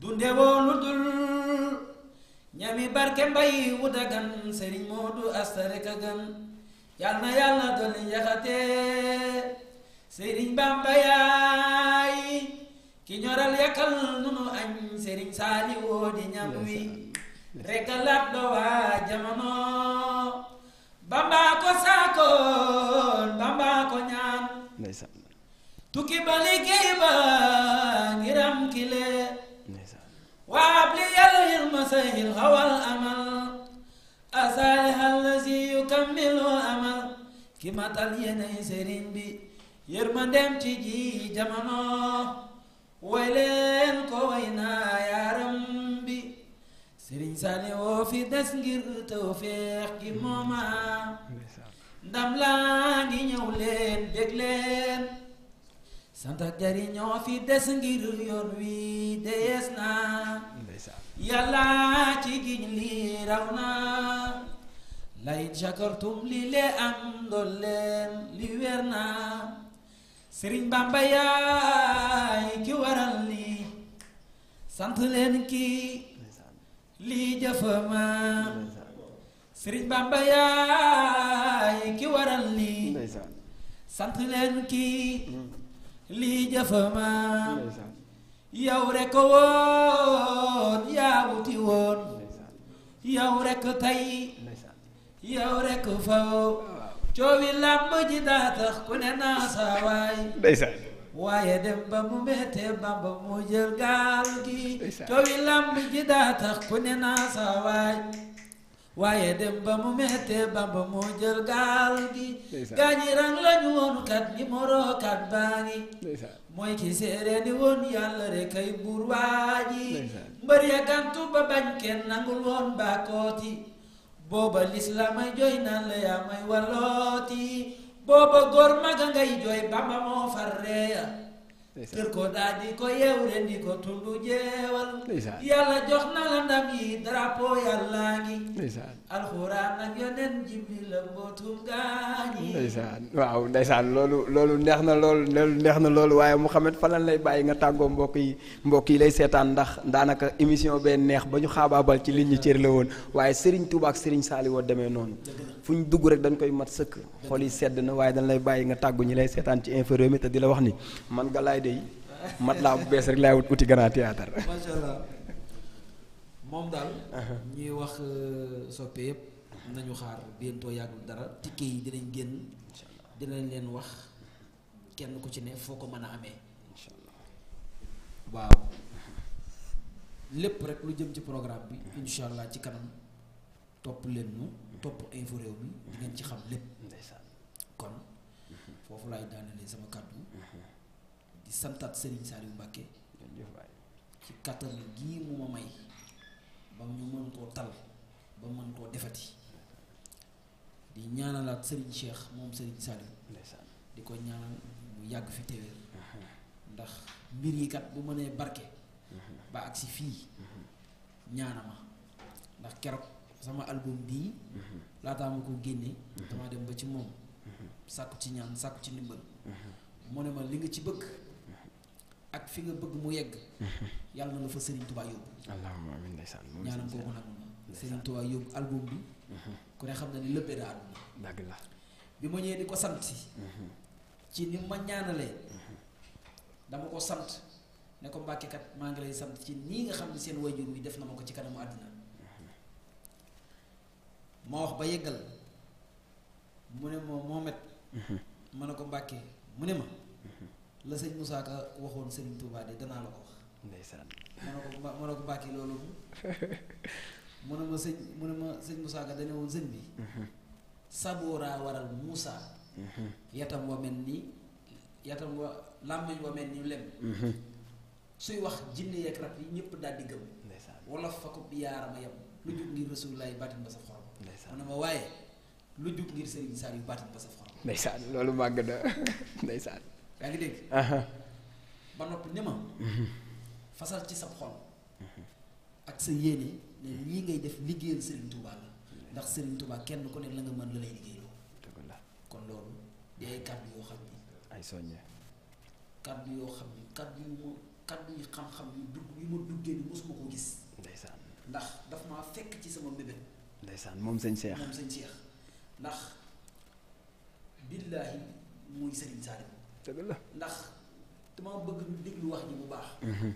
dundewoo lu dul ñami barke mbay wu dagan sëriñ Moodu Asta rek a gan yàlla na yàlla dolli jaxate sëriñ Bamba yaa ki ñoral yàkkal nunu añ Serigne Saliou di ñam wi rekalaat ba waa jamono Bamba ko saakoon Bamba ko ñaan tukki ba liggéey ba ngiram kile waab li yàlla yil masahil xawal amal asaalihal la si yu amal ki matal yeneen Serigne bi yërmandeem ci ji jamono way leen ko way naa yaaram bi sëriñ Saali woo fi des ngir tawfeex gi mooma ndam laa ngi ñëw leen bég leen jariñoo fi des ngir yoon wi dees naa yàlla ci giñ li raw naa lay jakartum li lee am doon leen li weer naa sëriñ Bamba yaa sant leen kii lii jëfama sëriñ Bamba yaay ki waral lii sant leen kii lii jëfama yow rek woon yaa wuti woon yow rek tey yow rek faw coowi làmb ji daa ku ne naa saa waaye dem ba mu mettee bamba moo jël gaal gi coowi làmb ji daa tax ku ne naa sa waay waaye dem ba mu mettee bamba moo jël gaal gi gaañi rang lañu woon kat morookat baa ngi mooy ki séerée ni woon yàlla rek ay buur waa ji mbër ya gantu ba bañ kenn nangul woon baakooti booba lislaamay jooy naan la yaa may wallooti booba góor mag a ngay jooy bamba moo far reeya tër ko daal ko yeew ren ko tundu jeewal yàlla jox na ndam yi drapeau yàllaa ngi alxuraan ak yeneen loolu loolu neex na loolu neex na loolu waaye fa lan lay bàyyi nga tàggoo mbokk yi mbokk yi lay seetaan ndax daanaka émission bee neex ba ñu xaabaabal ci li ñu cër la woon waaye sëriñ Touba sëriñ Serigne Saliou demee noonu fu ñu dugg rek dañ koy mat sëkk xol yi sedd na waaye dañ lay bàyyi nga tàggu ñi lay seetaan ci Infos Rewmi te di la wax ni man nga lay de mat laa bu bees rek laay wut uti Grand Théâtre moom daal. ñuy wax euh, soppe yëpp nañu xaar bientôt yàggul dara ticket yi dinañ génn. dinañ leen wax kenn ku ci ne foo ko mën a amee. waaw lépp rek lu jëm ci programme bi incha allah ci kanam topp leen ñu topp info réew mi di ci xam lépp kon foofu laay daanelee sama kàddu di santaat Serigne Saliou Mbacké ci kattan gii mu ma may ba ñu mën koo tal ba mën koo defati di ñaanalaat Serigne Cheikh moom Serigne Saliou di ko ñaanal mu yàgg fi téwéer ndax mbir yi kat bu mënee barke ba agsi fii ma ndax keroog sama album bii laataa ma ko génne dama dem ba ci moom sàkku ci ñaan sàkku ci ndimbal mu ne ma li nga ci bëgg ak fi nga bëgg mu yegg. yàlla na la fa Serigne Touba yóbbu. allahumma amiin ndeysaan moom ñaanam boobu nag Serigne Touba yóbbu album bi. ku ne xam na ni léppee daa àdduna. dëgg la bi ma ñëwee di ko sant. Mhm. ci ni ma ñaanalee. dama ko sant ne ko Mbàkke maa ngi lay sant ci nii nga xam ne seen wayjur wi def na ma ko ci kanamu àdduna. Mhm. ma wax ba yeggal mu ne ma Mohamed. Mhm. ma ne ko Mbàkke mu ne ma. la sëñ Moussa Ka waxoon Serigne Touba de danaa la ko wax. ndeysaan ma ne ko ma ne ko Mbacke loolu mu ne ma sëñ mu ne ma sëñ Moussa Ka dana woon sëñ bi. Mhm. sabooraa waral Moussa. Mhm. yatam wa mel ni yatam wa làmmiñ wa mel ni lem. Mhm. suy wax jinne yeeg rab yi ñëpp daal di gëm. ndeysaan wala fa ko yaarama yem. lu jug ngir Rasulullah baatin ba sa xorom. ndeysaan mu ne ma waaye lu jug ngir Serigne Saliou baatin ba sa xorom. ndeysaan loolu màgg na yaa ngi dégg. ba noppi ni ma. Mhm. fasal ci sa xol. ak sa yéene ne lii ngay def liggéeyal Serigne Touba la ndax Serigne Touba kenn ku ne la nga mën la lay liggéeyloo. dëgg la kon loolu di ay kàddu yoo xam ni. ay soññe. kàddu yoo xam ni kàddu yu ma kàddu yu xam ma ko gis. ndeysaan ndax dafa maa fekk ci sama mbébét. ndeysaan moom sañ Cheikh moom sëñ ndax billaahi muy Serigne Salim. dëgg ndax dama bëgg ñu déglu wax ji bu baax. Mhm.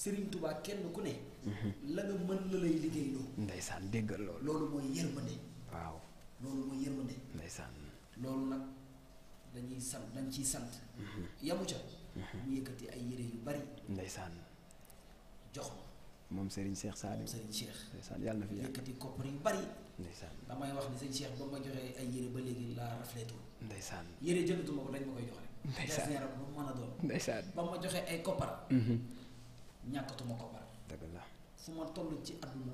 Serigne Touba kenn ku ne. Mhm. la nga mën la lay liggéeyloo. ndeysaan déggal loolu. loolu mooy yërmande. waaw loolu mooy yërmande. ndeysaan loolu nag dañuy sant dañ ciy sant. Mhm. yamu ca. mu yëkkati ay yére yu bari. ndeysaan jox ma. mom Serigne Cheikh salim Serigne Cheikh. ndeysaan yàlla fi yàgg yëkkati bari. ndeysaan damay wax ni sëñ Cheikh ba ma ay yére ba léegi laa rafletu. ndeysaan yére jëndatuma ko dañ ma koy jox ndeysan ndeysaan jaas bu mu mën a doon. ndeysaan ay koppar. ñàkkatuma koppar. dëgg la fu ma ci àdduna.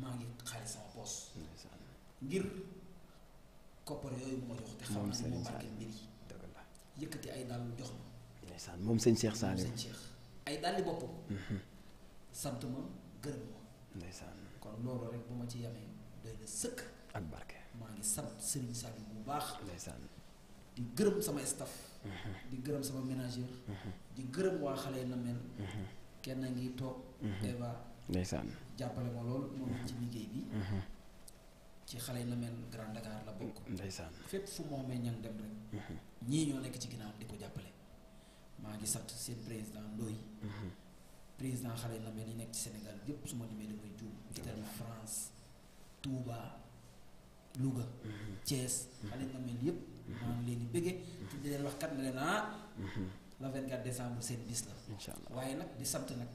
maa ngi xaalis sama poos. ndeysaan ngir koppar yooyu mu ma jox. te xam naa ne barke mbir yi. dëgg ay dàll jox ma. ndeysaan moom Cheikh salim moom Cheikh ay dal dàlli boppam. sant ma gërëm ma. ndeysaan kon loolu rek bu ma ci yamee doy na sëkk. ak barke maa ngi sant Serigne bu baax. ndeysaan di gërëm sama staff. Mhm. di gërëm sama ménageur. Mhm. di gërëm waa xale na mel. Mhm. kenn ngi toog. Eva. ndeysaan jàppale lool ci liggéey bi. ci xale na mel Grand Dakar la bokk. ndeysaan fépp fu moomee ñang dem rek. ñii nekk ci ginnaaw di ko jàppale. maa ngi sant seen président Ndoye. président xale la mel ni nekk ci Sénégal yépp su ma limee damay juum Italie France Touba Louga mhm. Thiès xale la mel yëpp mhm. maa ngi leen di bëggee ci mhm. di leen wax kat na leen ah le 24 décembre seen bis la incha allah waaye nag di sant nag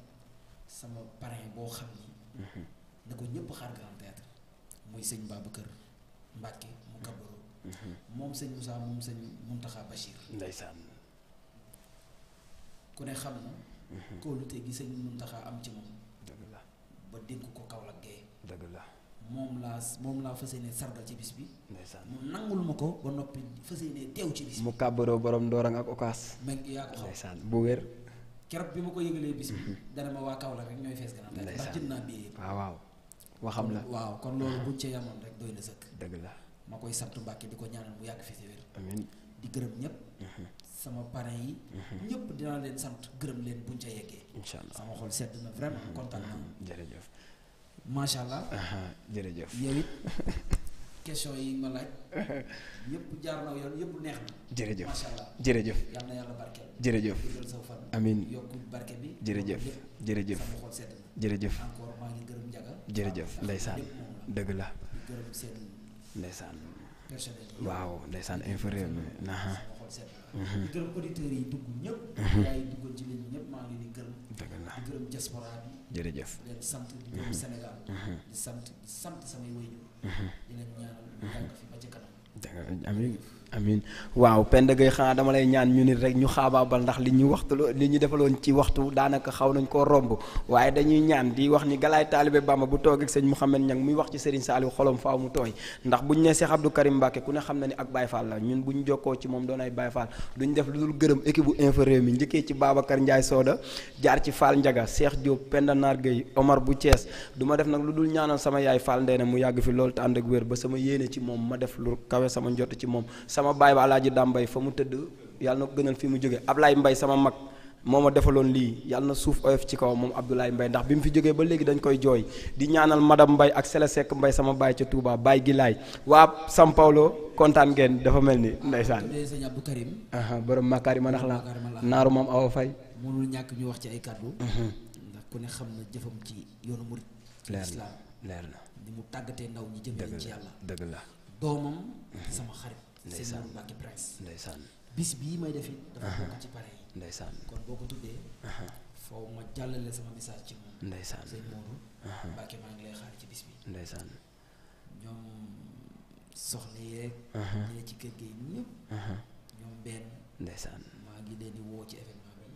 sama parrain boo xam ni da ko ñëpp xaar Grand Théâtre muy sëñ Babacar Mbacke mu kabaro moom sëñ Moussa moom sëñ Mountakha Bachir ndeysaan ku ne xam na Mhm. kóolute gi sëñ taxa am ci mom deug la ba dénk ko Kaolack ge deug la mom la mom la fassene yéene sargal ci bis bi. ndeysaan mu nangul mako ba nopi fassene tew ci bis mu kabaro borom dorang ak okas ma ya ko xam bu wer keroog bi ma ko yëgalee bis bi. Mhm. dana ma waa Kaolack rek ñoy fess gànnaaw. ndeysaan ndax jënd bi wa waaw waxam la waaw kon lolu bu ci yamon rek doyna na deug la makoy sant Mbàkke ñaanal bu yag fi ci wer amiin di gërëm ñëpp. Mhm. sama parents yi. Mhm. ñëpp dinaa leen sant gërëm leen buñ ca yeggee. incha allah sama xol sedd na vraiment mhm. kontaan naa. Mhm. jërëjëf. jërëjëf yow allah jërëjëf. jërëjëf yokk yokk barke bi. jërëjëf jërëjëf sama jërëjëf encore dëgg la. gërëm waaw ndeysaan inférieur Mm-hmm. di gërëm auditeurs yi dugg ñëpp mm-hmm. gaa yi duggoon ci ligne bi maa ngi leen di gërëm di gërëm diaspora bi jërëjëf di leen sant di gërëm mm-hmm. Sénégal di sant di sant samay waajur di leen ñaanal yàgg fi ba ci kanam amiin amin waaw Penda Gueye xanaa dama lay ñaan ñu nit rek ñu xaabaabal ndax li ñu waxtu li ñu defaloon ci waxtu daanaka xaw nañ koo romb waaye dañuy ñaan di wax ni galaay taalibe Bamba bu toog ak sëñ Mouhamed Niang muy wax ci Serigne Saliou xolom faaw mu tooy ndax buñ ne Cheikh Abdou Karim Mbacké ku ne xam na ni ak Baye Fall la ñun buñ jokkoo ci moom doon ay Baye Fall def lu dul gërëm équipe bu Infos Rewmi njëkkee ci Babacar Ndiaye Soda jaar ci Fall Ndiaga Cheikh Diop Penda Nar Gueye Omar bu Thiès du ma def nag lu dul ñaanal sama yaay Fall Ndeye na mu yàgg fi loolu te ànd ba sama yéene ci moom ma def lu kawe sama njott ci moom sama bayi ba aladji dambay fa mu teud yàlla na gënal fi mu joggé ablay mbay sama mak momo defalon li lii yàlla na suuf oyof ci kaw mom abdoulay mbay ndax bimu fi joggé ba légui dañ koy joy di ñaanal madame mbay ak sele mbay sama bayi ci Touba baay gi lay wa São Paulo contane ngeen dafa mel ni ndeysaan Abdou Karim borom makari manax la naru mom awo fay munu ñak ñu wax ci ay cadeau mhm. ndax ku ne xam na jëfam ci yoonu murid islam lerna na ni mu tagate ndaw ñi ci yalla deug la domam mhm. sama xarit ndeysaan Serigne Mbacke Prince. ndeysaan bis bii may def it. dafa bokk ci pare yi. ndeysaan kon boo ko tuddee. foo ma jàllale sama message ci moom. ndeysaan Serigne Modou. Mbacke maa ngi lay xaar ci bis bi. ndeysaan ñoom soxna yi rek. ñu ci kër gi ñëpp. ñoom benn. ndeysaan maa ngi leen di woo ci événement bi.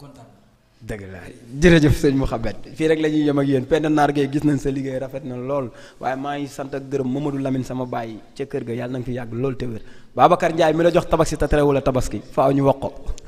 kontaan na. dëgg la jërëjëf sëñ Mouhamed fii rek la ñuy yem ak yéen Penda Naar gee gis nañ sa liggéey rafet na lool waaye maa ngi sant ak gërëm Mamadou Lamine sama baay ca kër ga yàlla na fi yàgg lool te wér Babacar Ndiaye mi la jox tabasi te terewul a tabaski faaw ñu wax ko